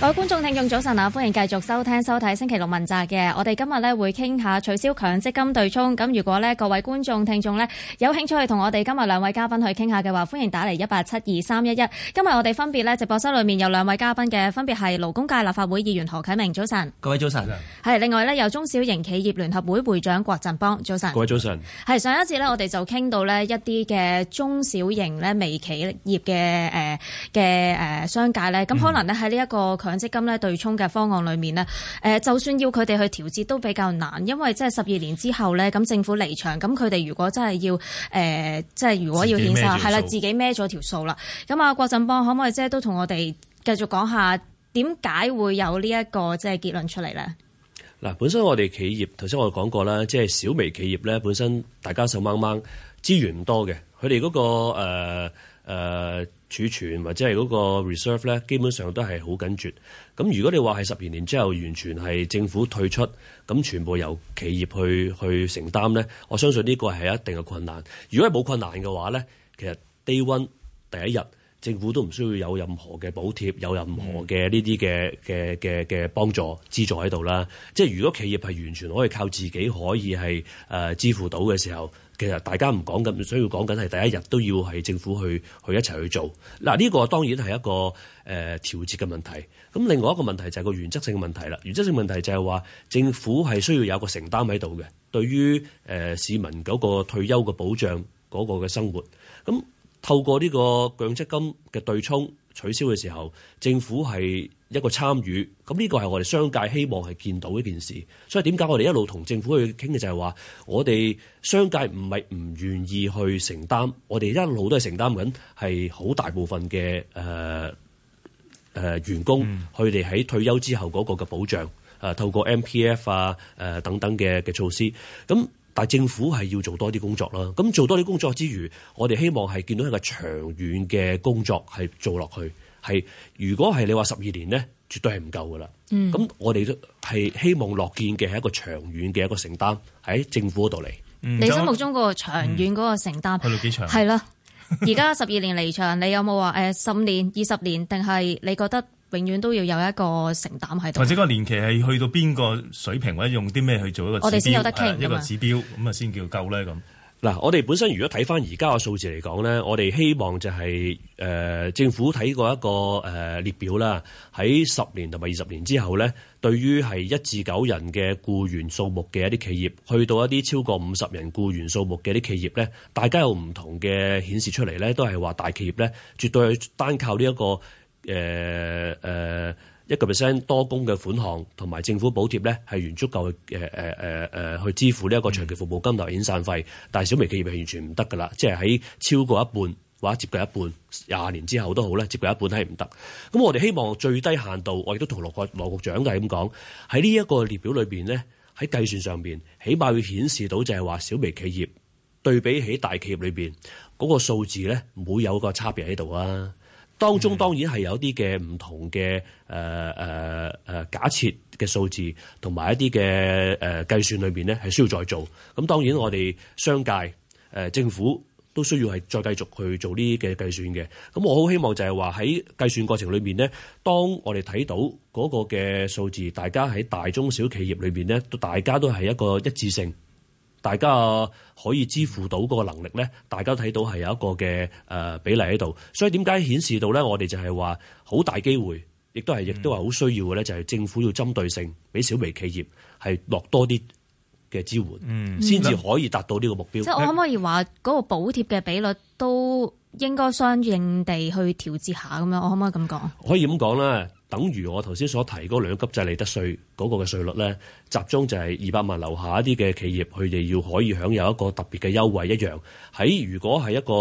各位觀眾、聽眾，早晨啊！歡迎繼續收聽、收睇《星期六問責》嘅。我哋今日咧會傾下取消強積金對沖。咁如果咧各位觀眾、聽眾咧有興趣去同我哋今日兩位嘉賓去傾下嘅話，歡迎打嚟一八七二三一一。今日我哋分別咧直播室裏面有兩位嘉賓嘅，分別係勞工界立法會議員何啟明，早晨。各位早晨。係另外呢有中小型企業聯合會會長郭振邦，早晨。各位早晨。係上一次呢，我哋就傾到呢一啲嘅中小型咧微企業嘅誒嘅誒商界呢咁可能呢喺呢一個。強積金咧對沖嘅方案裏面咧，誒就算要佢哋去調節都比較難，因為即係十二年之後呢咁政府離場，咁佢哋如果真係要誒，即、呃、係如果要顯失，係啦，自己孭咗條數啦。咁啊，郭振邦可唔可以即係都同我哋繼續講下點解會有呢一個即係結論出嚟呢？嗱，本身我哋企業，頭先我哋講過啦，即係小微企業呢，本身大家手掹掹，資源唔多嘅，佢哋嗰個誒、呃呃儲存或者係個 reserve 咧，基本上都係好緊絀。咁如果你話係十二年之後完全係政府退出，咁全部由企業去去承擔咧，我相信呢個係一定嘅困難，如果係冇困難嘅話咧，其實 day one 第一日。政府都唔需要有任何嘅補貼，有任何嘅呢啲嘅嘅嘅嘅幫助資助喺度啦。即係如果企業係完全可以靠自己可以係誒、呃、支付到嘅時候，其實大家唔講緊，唔需要講緊係第一日都要係政府去去一齊去做。嗱、啊、呢、這個當然係一個誒調節嘅問題。咁另外一個問題就係個原則性問題啦。原則性問題就係話政府係需要有個承擔喺度嘅，對於誒、呃、市民嗰個退休嘅保障嗰個嘅生活咁。透過呢個強積金嘅對沖取消嘅時候，政府係一個參與，咁呢個係我哋商界希望係見到的一件事，所以點解我哋一路同政府去傾嘅就係、是、話，我哋商界唔係唔願意去承擔，我哋一路都係承擔緊係好大部分嘅誒誒員工佢哋喺退休之後嗰個嘅保障，誒透過 MPF 啊誒、啊、等等嘅嘅措施，咁、嗯。但政府係要做多啲工作啦。咁做多啲工作之餘，我哋希望係見到一個長遠嘅工作係做落去。係如果係你話十二年呢，絕對係唔夠噶啦。咁、嗯、我哋都係希望樂見嘅係一個長遠嘅一個承擔喺政府嗰度嚟。你心目中個長遠嗰個承擔係、嗯、到幾長？係啦，而家十二年離場，你有冇話誒十五年、二十年，定係你覺得？永遠都要有一個承擔喺度，或者個年期係去到邊個水平，或者用啲咩去做一個指標，我哋先有得傾，一個指標咁啊，先叫夠咧咁。嗱，我哋本身如果睇翻而家嘅數字嚟講咧，我哋希望就係、是呃、政府睇過一個、呃、列表啦。喺十年同埋二十年之後咧，對於係一至九人嘅僱員數目嘅一啲企業，去到一啲超過五十人僱員數目嘅一啲企業咧，大家有唔同嘅顯示出嚟咧，都係話大企業咧，絕對係單靠呢、這、一個。誒誒一個 percent 多工嘅款項同埋政府補貼咧，係完足夠去誒誒、呃呃呃、去支付呢一個長期服務金同埋遣散費，但係小微企業係完全唔得㗎啦，即係喺超過一半或者接近一半廿年之後都好咧，接近一半都係唔得。咁我哋希望最低限度，我亦都同羅國羅局長都係咁講，喺呢一個列表裏邊咧，喺計算上面，起碼會顯示到就係話小微企業對比起大企業裏邊嗰、嗰個數字咧，唔會有個差別喺度啊。當中當然係有啲嘅唔同嘅誒誒誒假設嘅數字，同埋一啲嘅誒計算裏邊咧，係需要再做。咁當然，我哋商界誒、呃、政府都需要係再繼續去做呢啲嘅計算嘅。咁我好希望就係話喺計算過程裏面咧，當我哋睇到嗰個嘅數字，大家喺大中小企業裏面咧，大家都係一個一致性。大家可以支付到嗰個能力咧，大家睇到係有一個嘅誒比例喺度，所以點解顯示到咧？我哋就係話好大機會，亦都係亦都係好需要嘅咧，就係政府要針對性俾小微企業係落多啲嘅支援，先至可以達到呢個目標。嗯嗯、即係我可唔可以話嗰個補貼嘅比率都應該相應地去調節一下咁樣？我可唔可以咁講？可以咁講啦。等於我頭先所提嗰兩級制利得稅嗰個嘅稅率咧，集中就係二百萬以下一啲嘅企業，佢哋要可以享有一個特別嘅優惠一樣。喺如果係一個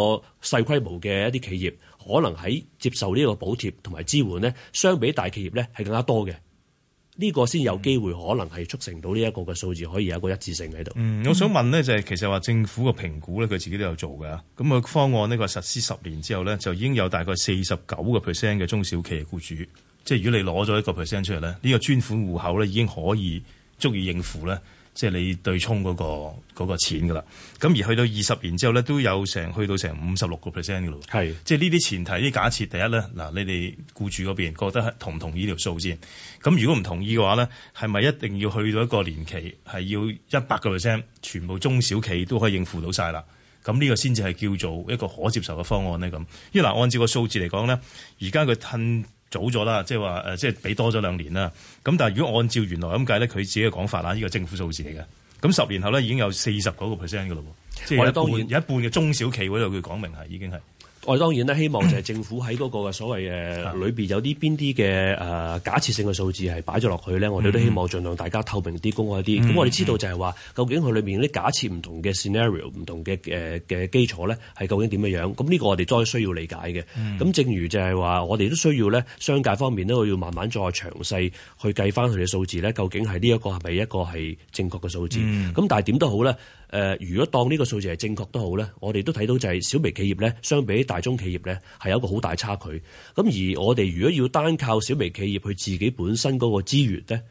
細規模嘅一啲企業，可能喺接受呢個補貼同埋支援咧，相比大企業咧係更加多嘅。呢、呢個先有機會可能係促成到呢一個嘅數字可以有一個一致性喺度。嗯，我想問咧就係、係、其實話政府嘅評估咧，佢自己都有做㗎。咁啊，方案呢個實施十年之後咧，就已經有大概四十九個 percent 嘅中小企業僱主。即係如果你攞咗一個 percent 出嚟咧，呢個專款戶口咧已經可以足以應付咧，即係你對沖嗰個嗰個錢㗎啦。咁而去到二十年之後咧，都有成去到成五十六個 percent 嘅咯。係，即係呢啲前提，呢啲假設第一咧，嗱你哋僱主嗰邊覺得同唔同意條數先？咁如果唔同意嘅話咧，係咪一定要去到一個年期係要一百個 percent，全部中小企都可以應付到晒啦？咁呢個先至係叫做一個可接受嘅方案咧咁。因為嗱，按照個數字嚟講咧，而家佢褪。早咗啦，即係話誒，即係俾多咗兩年啦。咁但係如果按照原來咁計咧，佢自己嘅講法啦，呢個政府數字嚟嘅。咁十年後咧已經有四十個 percent 嘅咯，即係當然有一半嘅中小企，會度佢講明係已經係。我當然咧，希望就係政府喺嗰個嘅所謂誒裏邊有啲邊啲嘅誒假設性嘅數字係擺咗落去咧，我哋都希望儘量大家透明啲、公開啲。咁我哋知道就係話，究竟佢裏邊啲假設唔同嘅 scenario、唔同嘅誒嘅基礎咧，係究竟點樣？咁呢個我哋再需要理解嘅。咁正如就係話，我哋都需要咧，商界方面都要慢慢再詳細去計翻佢嘅數字咧，究竟係呢一個係咪一個係正確嘅數字？咁但係點都好咧。誒，如果當呢個數字係正確都好咧，我哋都睇到就係小微企業咧，相比大中企業咧，係有一個好大差距。咁而我哋如果要單靠小微企業佢自己本身嗰個資源咧，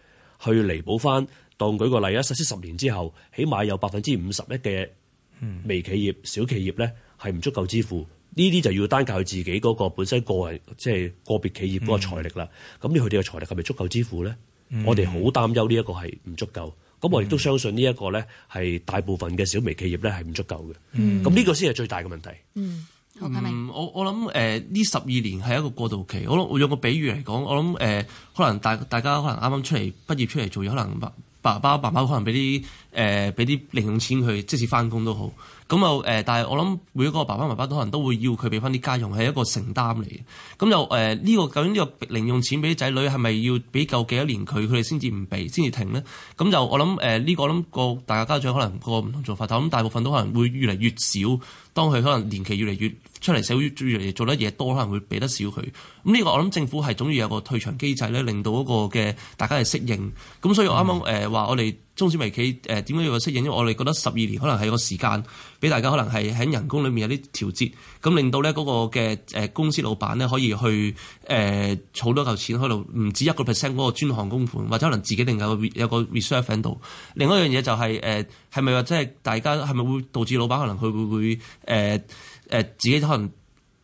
去彌補翻，當舉個例啊，實施十年之後，起碼有百分之五十一嘅微企業、小企業咧，係唔足夠支付。呢啲就要單靠自己嗰個本身個人即係個別企業嗰個財力啦。咁你佢哋嘅財力係咪足夠支付咧、嗯？我哋好擔憂呢一個係唔足夠。咁我亦都相信呢一個咧，係大部分嘅小微企業咧係唔足夠嘅。咁呢個先係最大嘅問題。嗯，啟明，我我諗誒呢十二年係一個過渡期。我諗我用個比喻嚟講，我諗誒、呃、可能大大家可能啱啱出嚟畢業出嚟做嘢，可能爸爸爸爸可能俾啲誒俾啲零用錢去，即使翻工都好。咁又誒，但係我諗每一個爸爸媽媽都可能都會要佢畀翻啲家用，係一個承擔嚟嘅。咁就誒呢個究竟呢個零用錢俾仔女係咪要俾夠幾多年佢，佢哋先至唔俾，先至停呢？咁就我諗誒呢個諗個大家家長可能個唔同做法，但咁大部分都可能會越嚟越少。當佢可能年期越嚟越出嚟社會，越嚟越做得嘢多，可能會俾得少佢。咁呢個我諗政府係總要有個退場機制咧，令到一個嘅大家係適應。咁所以我啱啱誒話我哋。中小微企誒點解要話適應？因為我哋覺得十二年可能係一個時間，俾大家可能係喺人工裏面有啲調節，咁令到咧嗰個嘅誒公司老闆咧可以去誒、呃、儲多嚿錢喺度，唔止一個 percent 嗰個專項供款，或者可能自己另有個有個 reserve 喺度。另外一樣嘢就係、是、誒，係咪話即係大家係咪會導致老闆可能佢會誒誒、呃、自己可能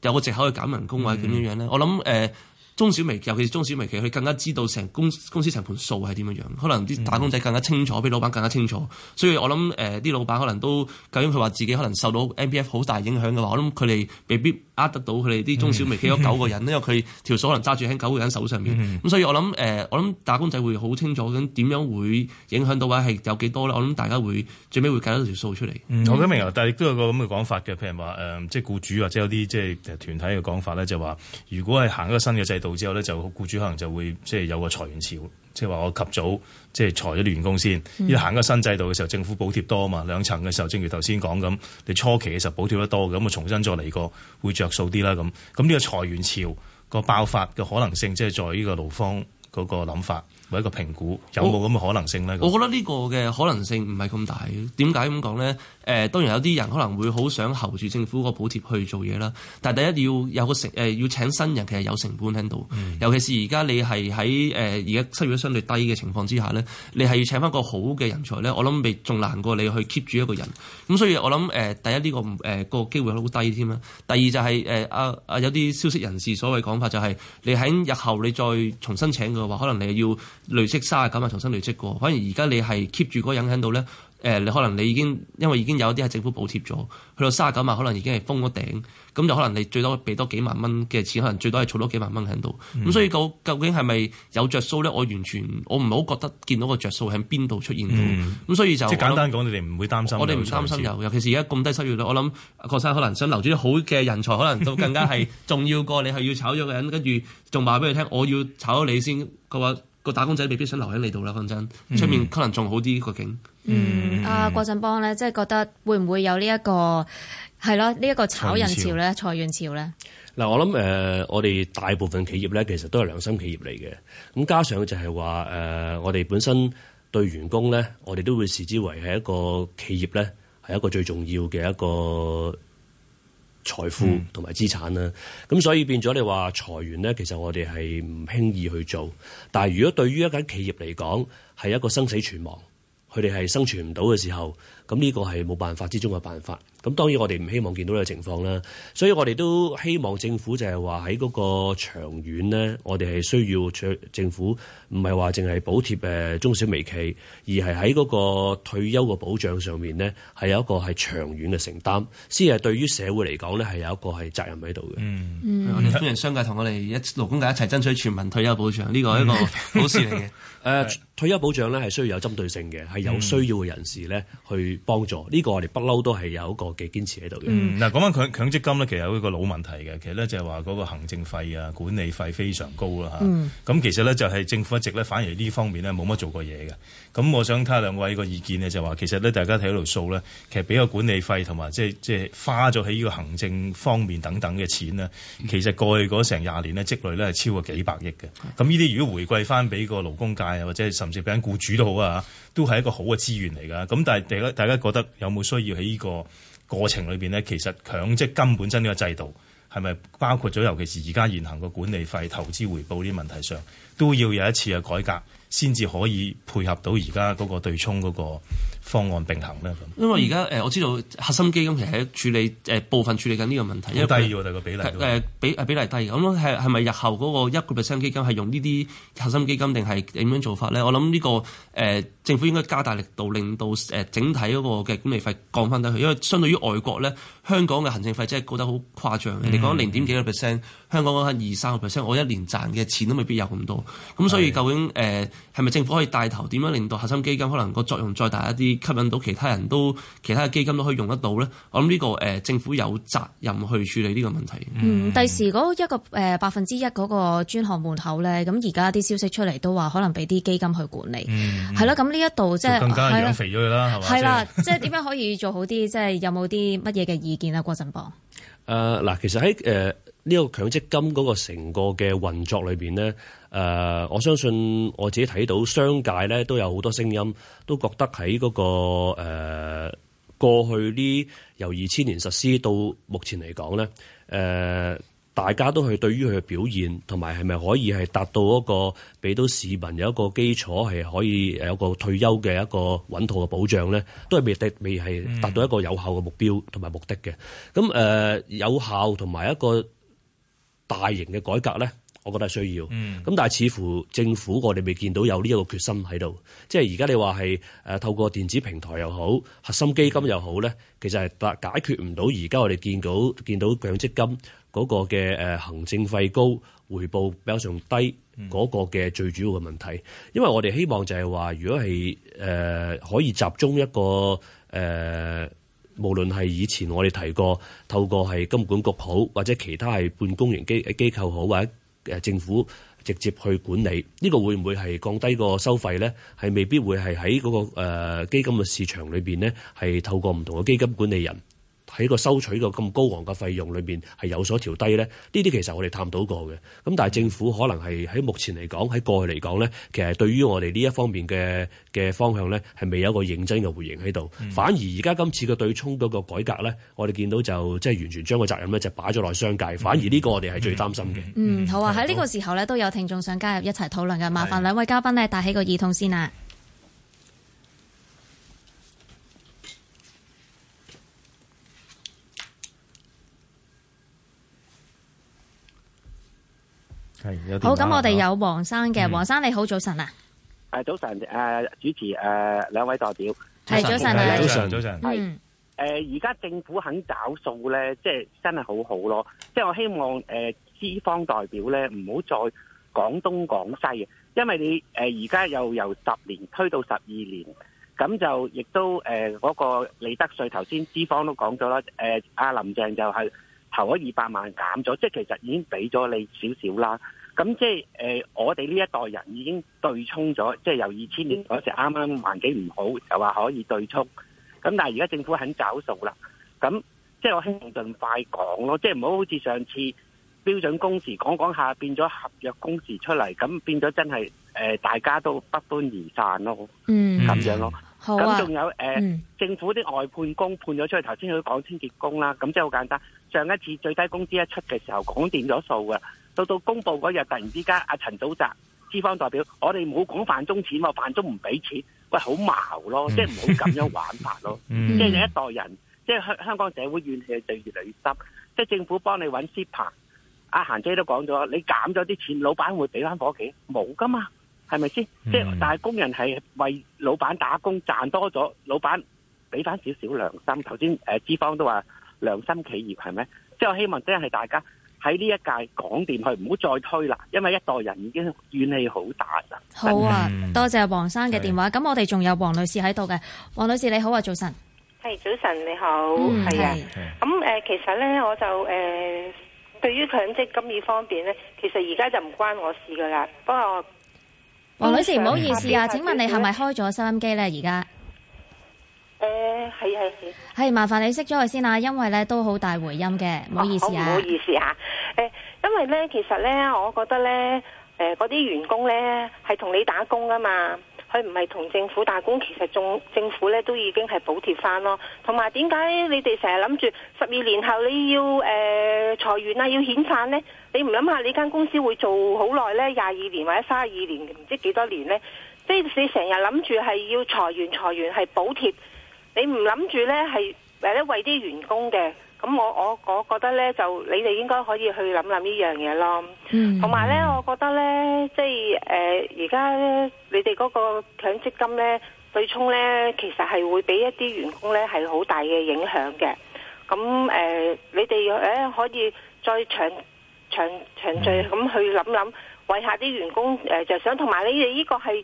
有個藉口去減人工或者咁樣樣咧、嗯？我諗誒。呃中小微，尤其是中小微，其實佢更加知道成公公司成盤數係點樣樣，可能啲打工仔更加清楚，比老闆更加清楚。所以我諗誒啲老闆可能都，究竟佢話自己可能受到 MPF 好大的影響嘅話，我諗佢哋未必呃得到佢哋啲中小微企咗九個人，嗯、因為佢條數可能揸住喺九個人手上面。咁、嗯、所以我諗誒、呃，我諗打工仔會好清楚咁點樣會影響到話係有幾多咧？我諗大家會最尾會計一條數出嚟。嗯，我都明啊，但亦都有個咁嘅講法嘅，譬如話誒、呃，即係僱主或者有啲即係團體嘅講法咧，就話如果係行一個新嘅制度。到之後咧，就僱主可能就會即係有個裁員潮，即係話我及早即係裁咗啲員工先。要行緊新制度嘅時候，政府補貼多啊嘛，兩層嘅時候，正如頭先講咁，你初期嘅時候補貼得多嘅，咁啊重新再嚟過會着數啲啦咁。咁呢個裁員潮個爆發嘅可能性，即係在於呢個勞方嗰個諗法。一個評估有冇咁嘅可能性咧？我覺得呢個嘅可能性唔係咁大。點解咁講咧？誒、呃，當然有啲人可能會好想候住政府個補貼去做嘢啦。但係第一要有個成誒要請新人，其實有成本喺度。尤其是而家你係喺誒而家失業率相對低嘅情況之下咧，你係要請翻個好嘅人才咧，我諗未仲難過你去 keep 住一個人。咁所以我想，我諗誒第一呢、這個誒個機會好低添啦。第二就係誒阿阿有啲消息人士所謂講法就係、是，你喺日後你再重新請嘅話，可能你要。累積三十九萬重新累積過，反而而家你係 keep 住嗰個人喺度咧。誒、呃，你可能你已經因為已經有啲係政府補貼咗，去到三十九萬可能已經係封咗頂，咁就可能你最多俾多幾萬蚊嘅錢，可能最多係儲多幾萬蚊喺度。咁、嗯、所以，究究竟係咪有着數咧？我完全我唔好覺得見到個着數喺邊度出現到咁，嗯、所以就即係簡單講，你哋唔會擔心我哋唔擔心有，尤其是而家咁低失業率，我諗郭生可能想留住啲好嘅人才，可能都更加係重要過你係 要炒咗個人跟住仲話俾佢聽，我要炒咗你先嘅個打工仔未必想留喺你度啦，講真，出面可能仲好啲個景。嗯，啊，郭振邦咧，即係覺得會唔會有呢、這、一個係咯？呢一、啊這個炒人潮咧，裁員潮咧？嗱、呃，我諗誒、呃，我哋大部分企業咧，其實都係良心企業嚟嘅。咁加上就係話誒，我哋本身對員工咧，我哋都會視之為係一個企業咧，係一個最重要嘅一個。財富同埋資產啦，咁、嗯、所以變咗你話裁員咧，其實我哋係唔輕易去做。但係如果對於一間企業嚟講，係一個生死存亡，佢哋係生存唔到嘅時候，咁呢個係冇辦法之中嘅辦法。咁當然我哋唔希望見到呢個情況啦，所以我哋都希望政府就係話喺嗰個長遠咧，我哋係需要政府唔係話淨係補貼誒中小微企，而係喺嗰個退休嘅保障上面咧，係有一個係長遠嘅承擔，先係對於社會嚟講咧係有一個係責任喺度嘅。嗯，我哋歡迎商界同我哋一路勞工界一齊爭取全民退休保障，呢、呢個係一個好事嚟嘅。嗯 誒、呃、退休保障咧係需要有針對性嘅，係有需要嘅人士咧去幫助。呢、嗯呢個我哋不嬲都係有一個嘅堅持喺度嘅。嗱講翻強強積金咧，其實係一個老問題嘅。其實咧就係話嗰個行政費啊、管理費非常高啦吓咁、嗯啊、其實咧就係政府一直咧反而呢方面咧冇乜做過嘢嘅。咁我想睇下兩位個意見咧，就話其實咧大家睇到條數咧，其實俾個管理費同埋即係即係花咗喺呢個行政方面等等嘅錢呢，其實過去嗰成廿年呢，積累咧係超過幾百億嘅。咁呢啲如果回饋翻俾個勞工界。或者甚至俾緊僱主都好啊，都係一個好嘅資源嚟㗎。咁但係大家大家覺得有冇需要喺呢個過程裏邊呢？其實強積金本身呢個制度係咪包括咗？尤其是而家現行個管理費、投資回報呢啲問題上，都要有一次嘅改革，先至可以配合到而家嗰個對沖嗰個。方案並行咧，咁因為而家誒我知道核心基金其實處理誒部分處理緊呢個問題，因為低嘅我哋個比例誒比比例低，咁係係咪日後嗰個一個 percent 基金係用呢啲核心基金定係點樣做法咧？我諗呢、呢個誒、呃、政府應該加大力度令到誒整體嗰個嘅管理費降翻低去，因為相對於外國咧，香港嘅行政費真係高得好誇張、嗯、你講零點幾個 percent。香港嗰係二三個 percent，我一年賺嘅錢都未必有咁多，咁所以究竟誒係咪政府可以帶頭點樣令到核心基金可能個作用再大一啲，吸引到其他人都其他嘅基金都可以用得到咧？我諗呢、呢個誒、啊、政府有責任去處理呢個問題。第、嗯、時嗰一個誒百分之一嗰個專項門口咧，咁而家啲消息出嚟都話可能俾啲基金去管理，係、嗯、啦，咁呢一度即係更加肥咗佢啦，係嘛？係啦，即係點樣可以做好啲？即係有冇啲乜嘢嘅意見啊？郭振邦。誒、呃、嗱，其實喺誒呢個強積金嗰個成個嘅運作裏面，咧、呃，誒我相信我自己睇到商界咧都有好多聲音，都覺得喺嗰、嗰個誒、呃、過去呢由二千年實施到目前嚟講咧，誒、呃。大家都係對於佢嘅表現，同埋係咪可以係達到一個俾到市民有一個基礎係可以有個退休嘅一個穩妥嘅保障咧，都係未達未係達到一個有效嘅目標同埋目的嘅。咁誒、呃、有效同埋一個大型嘅改革咧，我覺得係需要咁，但係似乎政府我哋未見到有呢一個決心喺度。即係而家你話係誒透過電子平台又好，核心基金又好咧，其實係達解決唔到而家我哋見到見到強積金。嗰、那個嘅誒行政費高，回報比較上低，嗰、那個嘅最主要嘅問題，因為我哋希望就係話，如果係誒、呃、可以集中一個誒、呃、無論係以前我哋提過透過係金管局好，或者其他係半公營機機構好，或者誒政府直接去管理，呢、這個會唔會係降低個收費咧？係未必會係喺嗰個誒、呃、基金嘅市場裏邊咧，係透過唔同嘅基金管理人。喺個收取個咁高昂嘅費用裏邊係有所調低咧，呢啲其實我哋探討過嘅。咁但係政府可能係喺目前嚟講，喺過去嚟講咧，其實對於我哋呢一方面嘅嘅方向咧，係未有一個認真嘅回應喺度。嗯、反而而家今次嘅對沖嗰個改革咧，我哋見到就即係、就是、完全將個責任咧就擺咗落商界。反而呢個我哋係最擔心嘅。嗯，好啊，喺呢個時候咧都有聽眾想加入一齊討論嘅，麻煩兩位嘉賓咧帶起個耳筒先啊。係，好咁，我哋有黃生嘅，黃生你好，早晨啊！早晨，誒、呃，主持，誒、呃，兩位代表，係早晨早晨，早晨，嗯，誒、呃，而家政府肯找數咧，即係真係好好咯，即係我希望，誒、呃，資方代表咧，唔好再講東講西因為你，誒、呃，而家又由十年推到十二年，咁就亦都，誒、呃，嗰個利得稅頭先資方都講咗啦，誒、呃，阿林鄭就係。投咗二百萬減咗，即係其實已經俾咗你少少啦。咁即係誒，我哋呢一代人已經對沖咗，即係由二千年嗰時啱啱環境唔好，就話可以對沖。咁但係而家政府肯找數啦，咁即係我希望盡快講咯，即係唔好好似上次標準工時講講下變咗合約工時出嚟，咁變咗真係誒，大家都不歡而散咯。嗯，咁樣咯。咁仲、啊、有誒、呃嗯、政府啲外判工判咗出去，頭先佢講清潔工啦，咁即係好簡單。上一次最低工資一出嘅時候講掂咗數嘅，到到公佈嗰日突然之間，阿陳祖澤資方代表，我哋唔好講飯中錢嘛，飯中唔俾錢，喂好矛咯、 嗯，即係唔好咁樣玩法咯，即係有一代人，即係香香港社會怨氣就越嚟越深，即係政府幫你搵 s u p 阿行姐都講咗，你減咗啲錢，老闆會俾翻夥計，冇噶嘛。係咪先？即係但係工人係為老闆打工賺多咗，老闆俾翻少少良心。頭先誒，資、呃、方都話良心企業係咩？即係我希望即係大家喺呢一屆講掂佢，唔好再推啦。因為一代人已經怨氣好大啦。好啊，多謝黃生嘅電話。咁我哋仲有黃女士喺度嘅，黃女士你好啊，早晨。係早晨，你好。係、嗯、啊。咁誒、呃，其實咧我就誒、呃，對於強積金呢方面咧，其實而家就唔關我事噶啦。不過。王、哦、女士唔好意思啊，請問你係咪開咗收音機呢？而家誒係係係，麻煩你熄咗佢先啦，因為呢都好大回音嘅，唔好意思啊。唔好意思啊，唔好意思啊，因為呢其實呢，我覺得呢嗰啲、呃、員工呢係同你打工啊嘛。佢唔係同政府打工，其實仲政府咧都已經係補貼返咯。同埋點解你哋成日諗住十二年後你要財、呃、裁員呀，要遣散呢？你唔諗下你間公司會做好耐呢？廿二年或者卅二年唔知幾多年呢？即、就、係、是、你成日諗住係要裁員，裁員係補貼，你唔諗住呢係為啲員工嘅？咁我我我覺得咧，就你哋應該可以去諗諗呢樣嘢咯。同埋咧，我覺得咧，即係誒而家咧，你哋嗰個強積金咧對沖咧，其實係會俾一啲員工咧係好大嘅影響嘅。咁誒、呃，你哋誒、呃、可以再長長長聚咁去諗諗，為下啲員工誒、呃、著想。同埋你哋呢個係。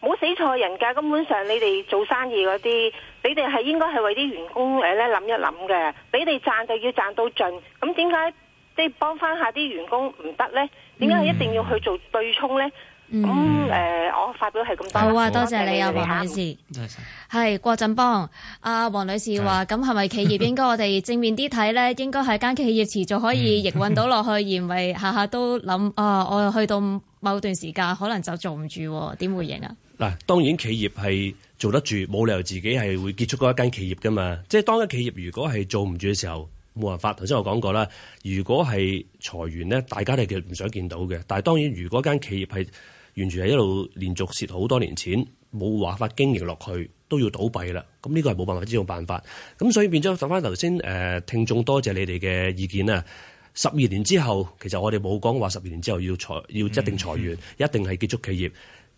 冇死錯人噶根本上你哋做生意嗰啲，你哋係應該係為啲員工誒咧諗一諗嘅。你哋賺就要賺到盡，咁點解即係幫翻下啲員工唔得咧？點解一定要去做對沖咧？咁誒，我發表係咁多。好啊，多謝你啊，黃女士。多謝。係郭振邦啊，黃女士話，咁係咪企業應該我哋正面啲睇咧？應該係間企業持續可以營運到落去，而唔係下下都諗啊，我又去到。某段時間可能就做唔住，點回應啊？嗱，當然企業係做得住，冇理由自己係會結束嗰一間企業噶嘛。即係當一企業如果係做唔住嘅時候，冇辦法。頭先我講過啦，如果係裁員呢，大家係其實唔想見到嘅。但係當然，如果一間企業係完全係一路連續蝕好多年錢，冇辦法經營落去，都要倒閉啦。咁呢個係冇辦法之道辦法。咁所以變咗，答翻頭先誒聽眾，多謝你哋嘅意見啊！十二年之後，其實我哋冇講話十二年之後要裁，要一定裁員一定係結束企業。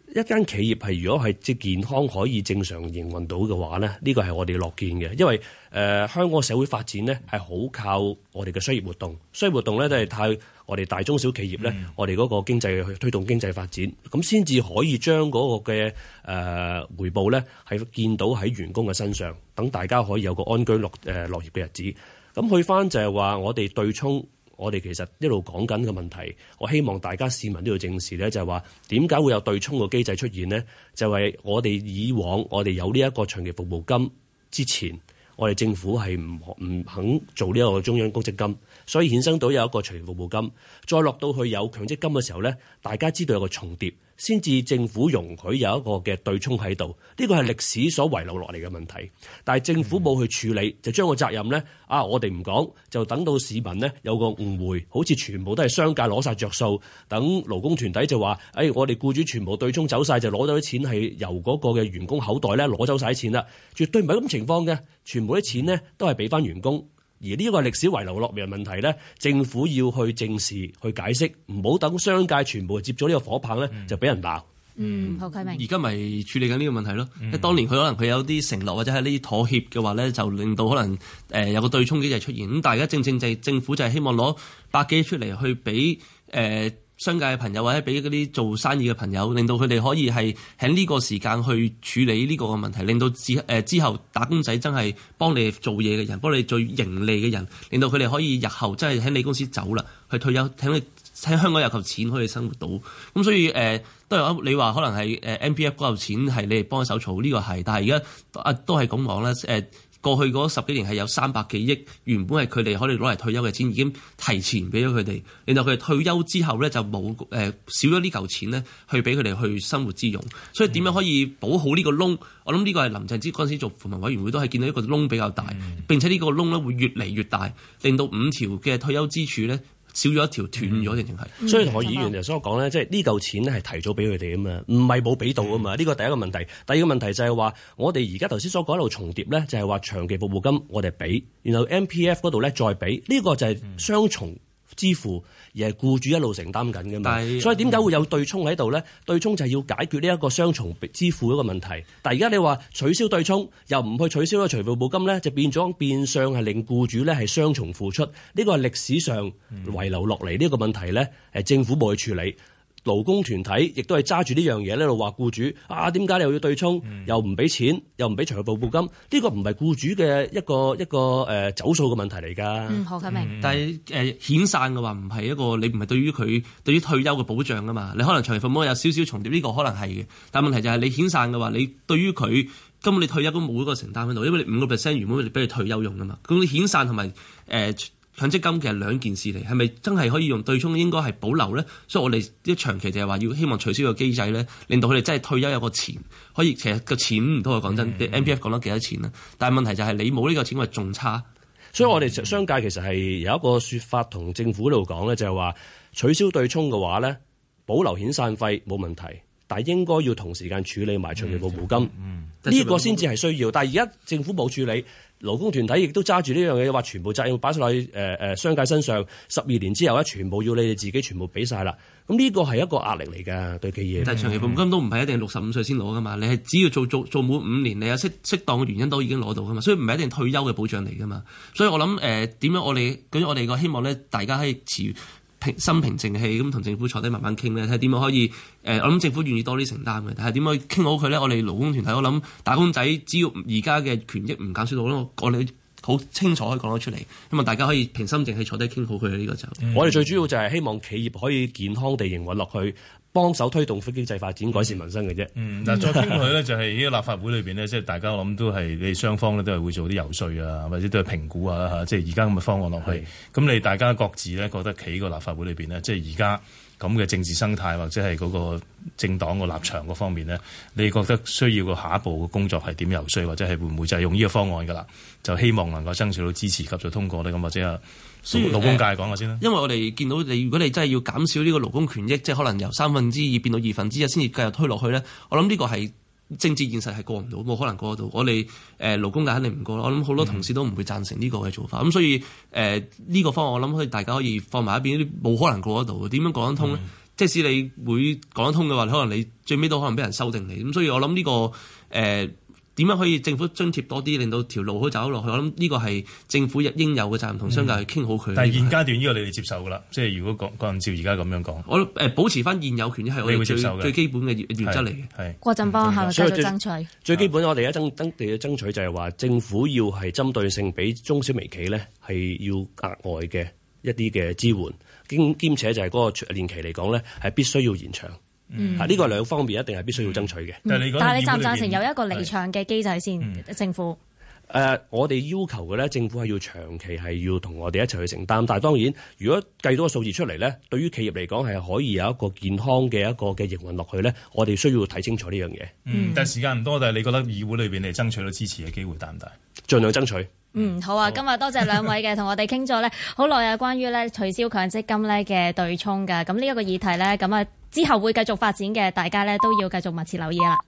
一間企業係如果係即健康可以正常營運到嘅話咧，呢個係我哋樂見嘅，因為誒、呃、香港社會發展咧係好靠我哋嘅商業活動，商業活動咧都係靠我哋大中小企業咧，我哋嗰個經濟去推動經濟發展，咁先至可以將嗰個嘅誒、呃、回報咧係見到喺員工嘅身上，等大家可以有個安居樂樂業嘅日子。咁去翻就係話我哋對沖。我哋其實一路講緊嘅問題，我希望大家市民都要正視咧，就係話點解會有對沖嘅機制出現咧？就係我哋以往我哋有呢一個長期服務金之前，我哋政府係唔唔肯做呢一個中央公積金。所以衍生到有一個長期服務金，再落到去有強積金嘅時候咧，大家知道有個重疊，先至政府容許有一個嘅對沖喺度。呢個係歷史所遺留落嚟嘅問題，但係政府冇去處理，就將個責任咧，啊我哋唔講，就等到市民咧有個誤會，好似全部都係商界攞晒着數，等勞工團體就話誒、哎，我哋雇主全部對沖走晒，就攞到啲錢係由嗰個嘅員工口袋咧攞走晒錢啦，絕對唔係咁情況嘅，全部啲錢咧都係俾翻員工。而呢個歷史遺留落面嘅問題呢，政府要去正視去解釋，唔好等商界全部接咗呢個火棒呢就俾人鬧。嗯，好、嗯，而家咪處理緊呢個問題咯。當當年佢可能佢有啲承諾或者係呢啲妥協嘅話呢，就令到可能誒有個對沖機制出現。咁大家正正就係政府就係希望攞百幾億出嚟去俾誒。呃商界嘅朋友或者俾嗰啲做生意嘅朋友，令到佢哋可以係喺呢個時間去處理呢個嘅問題，令到之後打工仔真係幫你做嘢嘅人，幫你最盈利嘅人，令到佢哋可以日後真係喺你公司走啦，去退休喺喺香港有嚿錢可以生活到。咁所以誒、呃，都有你話，可能係誒、呃、M P F 嗰嚿錢係你哋幫手儲，呢、呢個係。但係而家啊都係咁講啦，呃過去嗰十幾年係有三百幾億，原本係佢哋可以攞嚟退休嘅錢，已經提前俾咗佢哋。然後佢哋退休之後咧就冇、呃、少咗呢嚿錢呢去俾佢哋去生活之用。所以點樣可以補好呢個窿？嗯、我諗呢個係林鄭之嗰陣時做扶貧委員會都係見到一個窿比較大，嗯、並且呢個窿咧會越嚟越大，令到五條嘅退休支柱咧。少咗一條斷咗定定係，所以同我議員就所以講咧，即係呢嚿錢咧係提早俾佢哋啊嘛，唔係冇俾到啊嘛。呢、嗯、個第一個問題，第二個問題就係話我哋而家頭先所講一路重疊咧，就係話長期服務金我哋俾，然後 M P F 嗰度咧再俾，呢、呢個就係雙重支付。嗯嗯而係僱主一路承擔緊嘅嘛，所以點解會有對沖喺度咧？對沖就係要解決呢一個雙重支付嗰個問題。但係而家你話取消對沖，又唔去取消個財富保金咧，就變咗變相係令僱主咧係雙重付出。呢個係歷史上遺留落嚟呢一個問題咧，誒政府冇去處理。勞工團體亦都係揸住呢樣嘢喺度話僱主啊，點解你又要對沖，又唔俾錢，又唔俾長期服務金？呢、嗯這個唔係僱主嘅一個一個誒、呃、走數嘅問題嚟㗎。嗯、明、嗯。但係誒遣散嘅話，唔係一個你唔係對於佢對於退休嘅保障㗎嘛？你可能長期服務有少少重疊，呢、這個可能係嘅。但係問題就係你遣散嘅話，你對於佢根本你退休都冇一個承擔喺度，因為你五個 percent 原本係俾你退休用㗎嘛。咁你遣散同埋誒。呃強積金其實兩件事嚟，係咪真係可以用對沖？應該係保留咧，所以我哋啲長期就係話要希望取消個機制咧，令到佢哋真係退休有個錢可以。其實個錢唔多我講真，啲 M P F 講得幾多錢啦？但係問題就係你冇呢個錢，我仲差。所以我哋商界其實係有一個説法，同政府度講咧，就係、是、話取消對沖嘅話咧，保留遣散費冇問題，但係應該要同時間處理埋長期服務金。呢、這個先至係需要，但係而家政府冇處理。勞工團體亦都揸住呢樣嘢，話全部責任擺曬落去誒誒商界身上。十二年之後咧，全部要你哋自己全部俾晒啦。咁呢個係一個壓力嚟㗎，對企業。嗯。但係長期保金都唔係一定六十五歲先攞㗎嘛，你係只要做做做滿五年，你有適適當嘅原因都已經攞到㗎嘛，所以唔係一定退休嘅保障嚟㗎嘛。所以我諗誒點樣我哋，咁我哋個希望咧，大家可以持。平心平靜氣咁同政府坐低慢慢傾咧，睇下點樣可以誒？我諗政府願意多啲承擔嘅，但係點樣可以傾好佢咧？我哋勞工團體，我諗打工仔只要而家嘅權益唔減少到咧，我哋好清楚可以講得出嚟，希望大家可以平心靜氣坐低傾好佢呢、呢個就、嗯、我哋最主要就係希望企業可以健康地營運落去。幫手推動非經濟發展、改善民生嘅啫。嗯，嗱，再傾佢咧，就係呢個立法會裏邊咧，即 係大家諗都係你雙方咧，都係會做啲游説啊，或者都係評估下啦吓。即係而家咁嘅方案落去，咁你大家各自咧覺得企個立法會裏邊咧，即係而家。咁嘅政治生態或者係嗰個政黨個立場嗰方面呢，你覺得需要個下一步嘅工作係點遊說，或者係會唔會就係用呢個方案㗎啦？就希望能夠爭取到支持及做通過呢？咁或者啊勞工界講下先啦、呃。因為我哋見到你，如果你真係要減少呢個勞工權益，即係可能由三分之二變到二分之一先至繼續推落去呢，我諗呢個係。政治現實係過唔到，冇可能過得到。我哋誒勞工界肯定唔過。我諗好多同事都唔會贊成呢個嘅做法。咁、嗯、所以誒呢、呃呢個方案，我諗可以大家可以放埋一邊，冇可能過得到嘅。點樣講得通呢？嗯、即使你會講得通嘅話，可能你最尾都可能俾人修正你。咁所以我諗呢、呢個誒。呃點樣可以政府津貼多啲，令到條路好走落去？我諗呢個係政府應有嘅責任，同商界去傾好佢、嗯。但係現階段呢、呢個你哋接受㗎啦，即係如果個人照而家咁樣講。我、呃、保持翻現有權益係我哋會接受嘅。最基本嘅原則嚟嘅。郭振邦，下個月再爭取、嗯、最基本我，我哋而家爭地嘅爭取就係話政府要係針對性俾中小微企呢，係要額外嘅一啲嘅支援，兼兼且就係嗰個年期嚟講呢，係必須要延長。嗯、啊，呢、這個兩方面一定係必須要爭取嘅、嗯。但係你贊唔贊成有一個離場嘅機制先、嗯？政府誒、呃，我哋要求嘅咧，政府係要長期係要同我哋一齊去承擔。但係當然，如果計多個數字出嚟咧，對於企業嚟講係可以有一個健康嘅一個嘅營運落去咧，我哋需要睇清楚呢樣嘢。嗯。但係時間唔多，但係你覺得議會裏邊你爭取到支持嘅機會大唔大？盡量爭取。嗯，好啊，今日多謝兩位嘅同我哋傾咗咧，好耐啊，關於咧取消強積金咧嘅對沖噶，咁呢一個議題咧，咁啊之後會繼續發展嘅，大家咧都要繼續密切留意啦。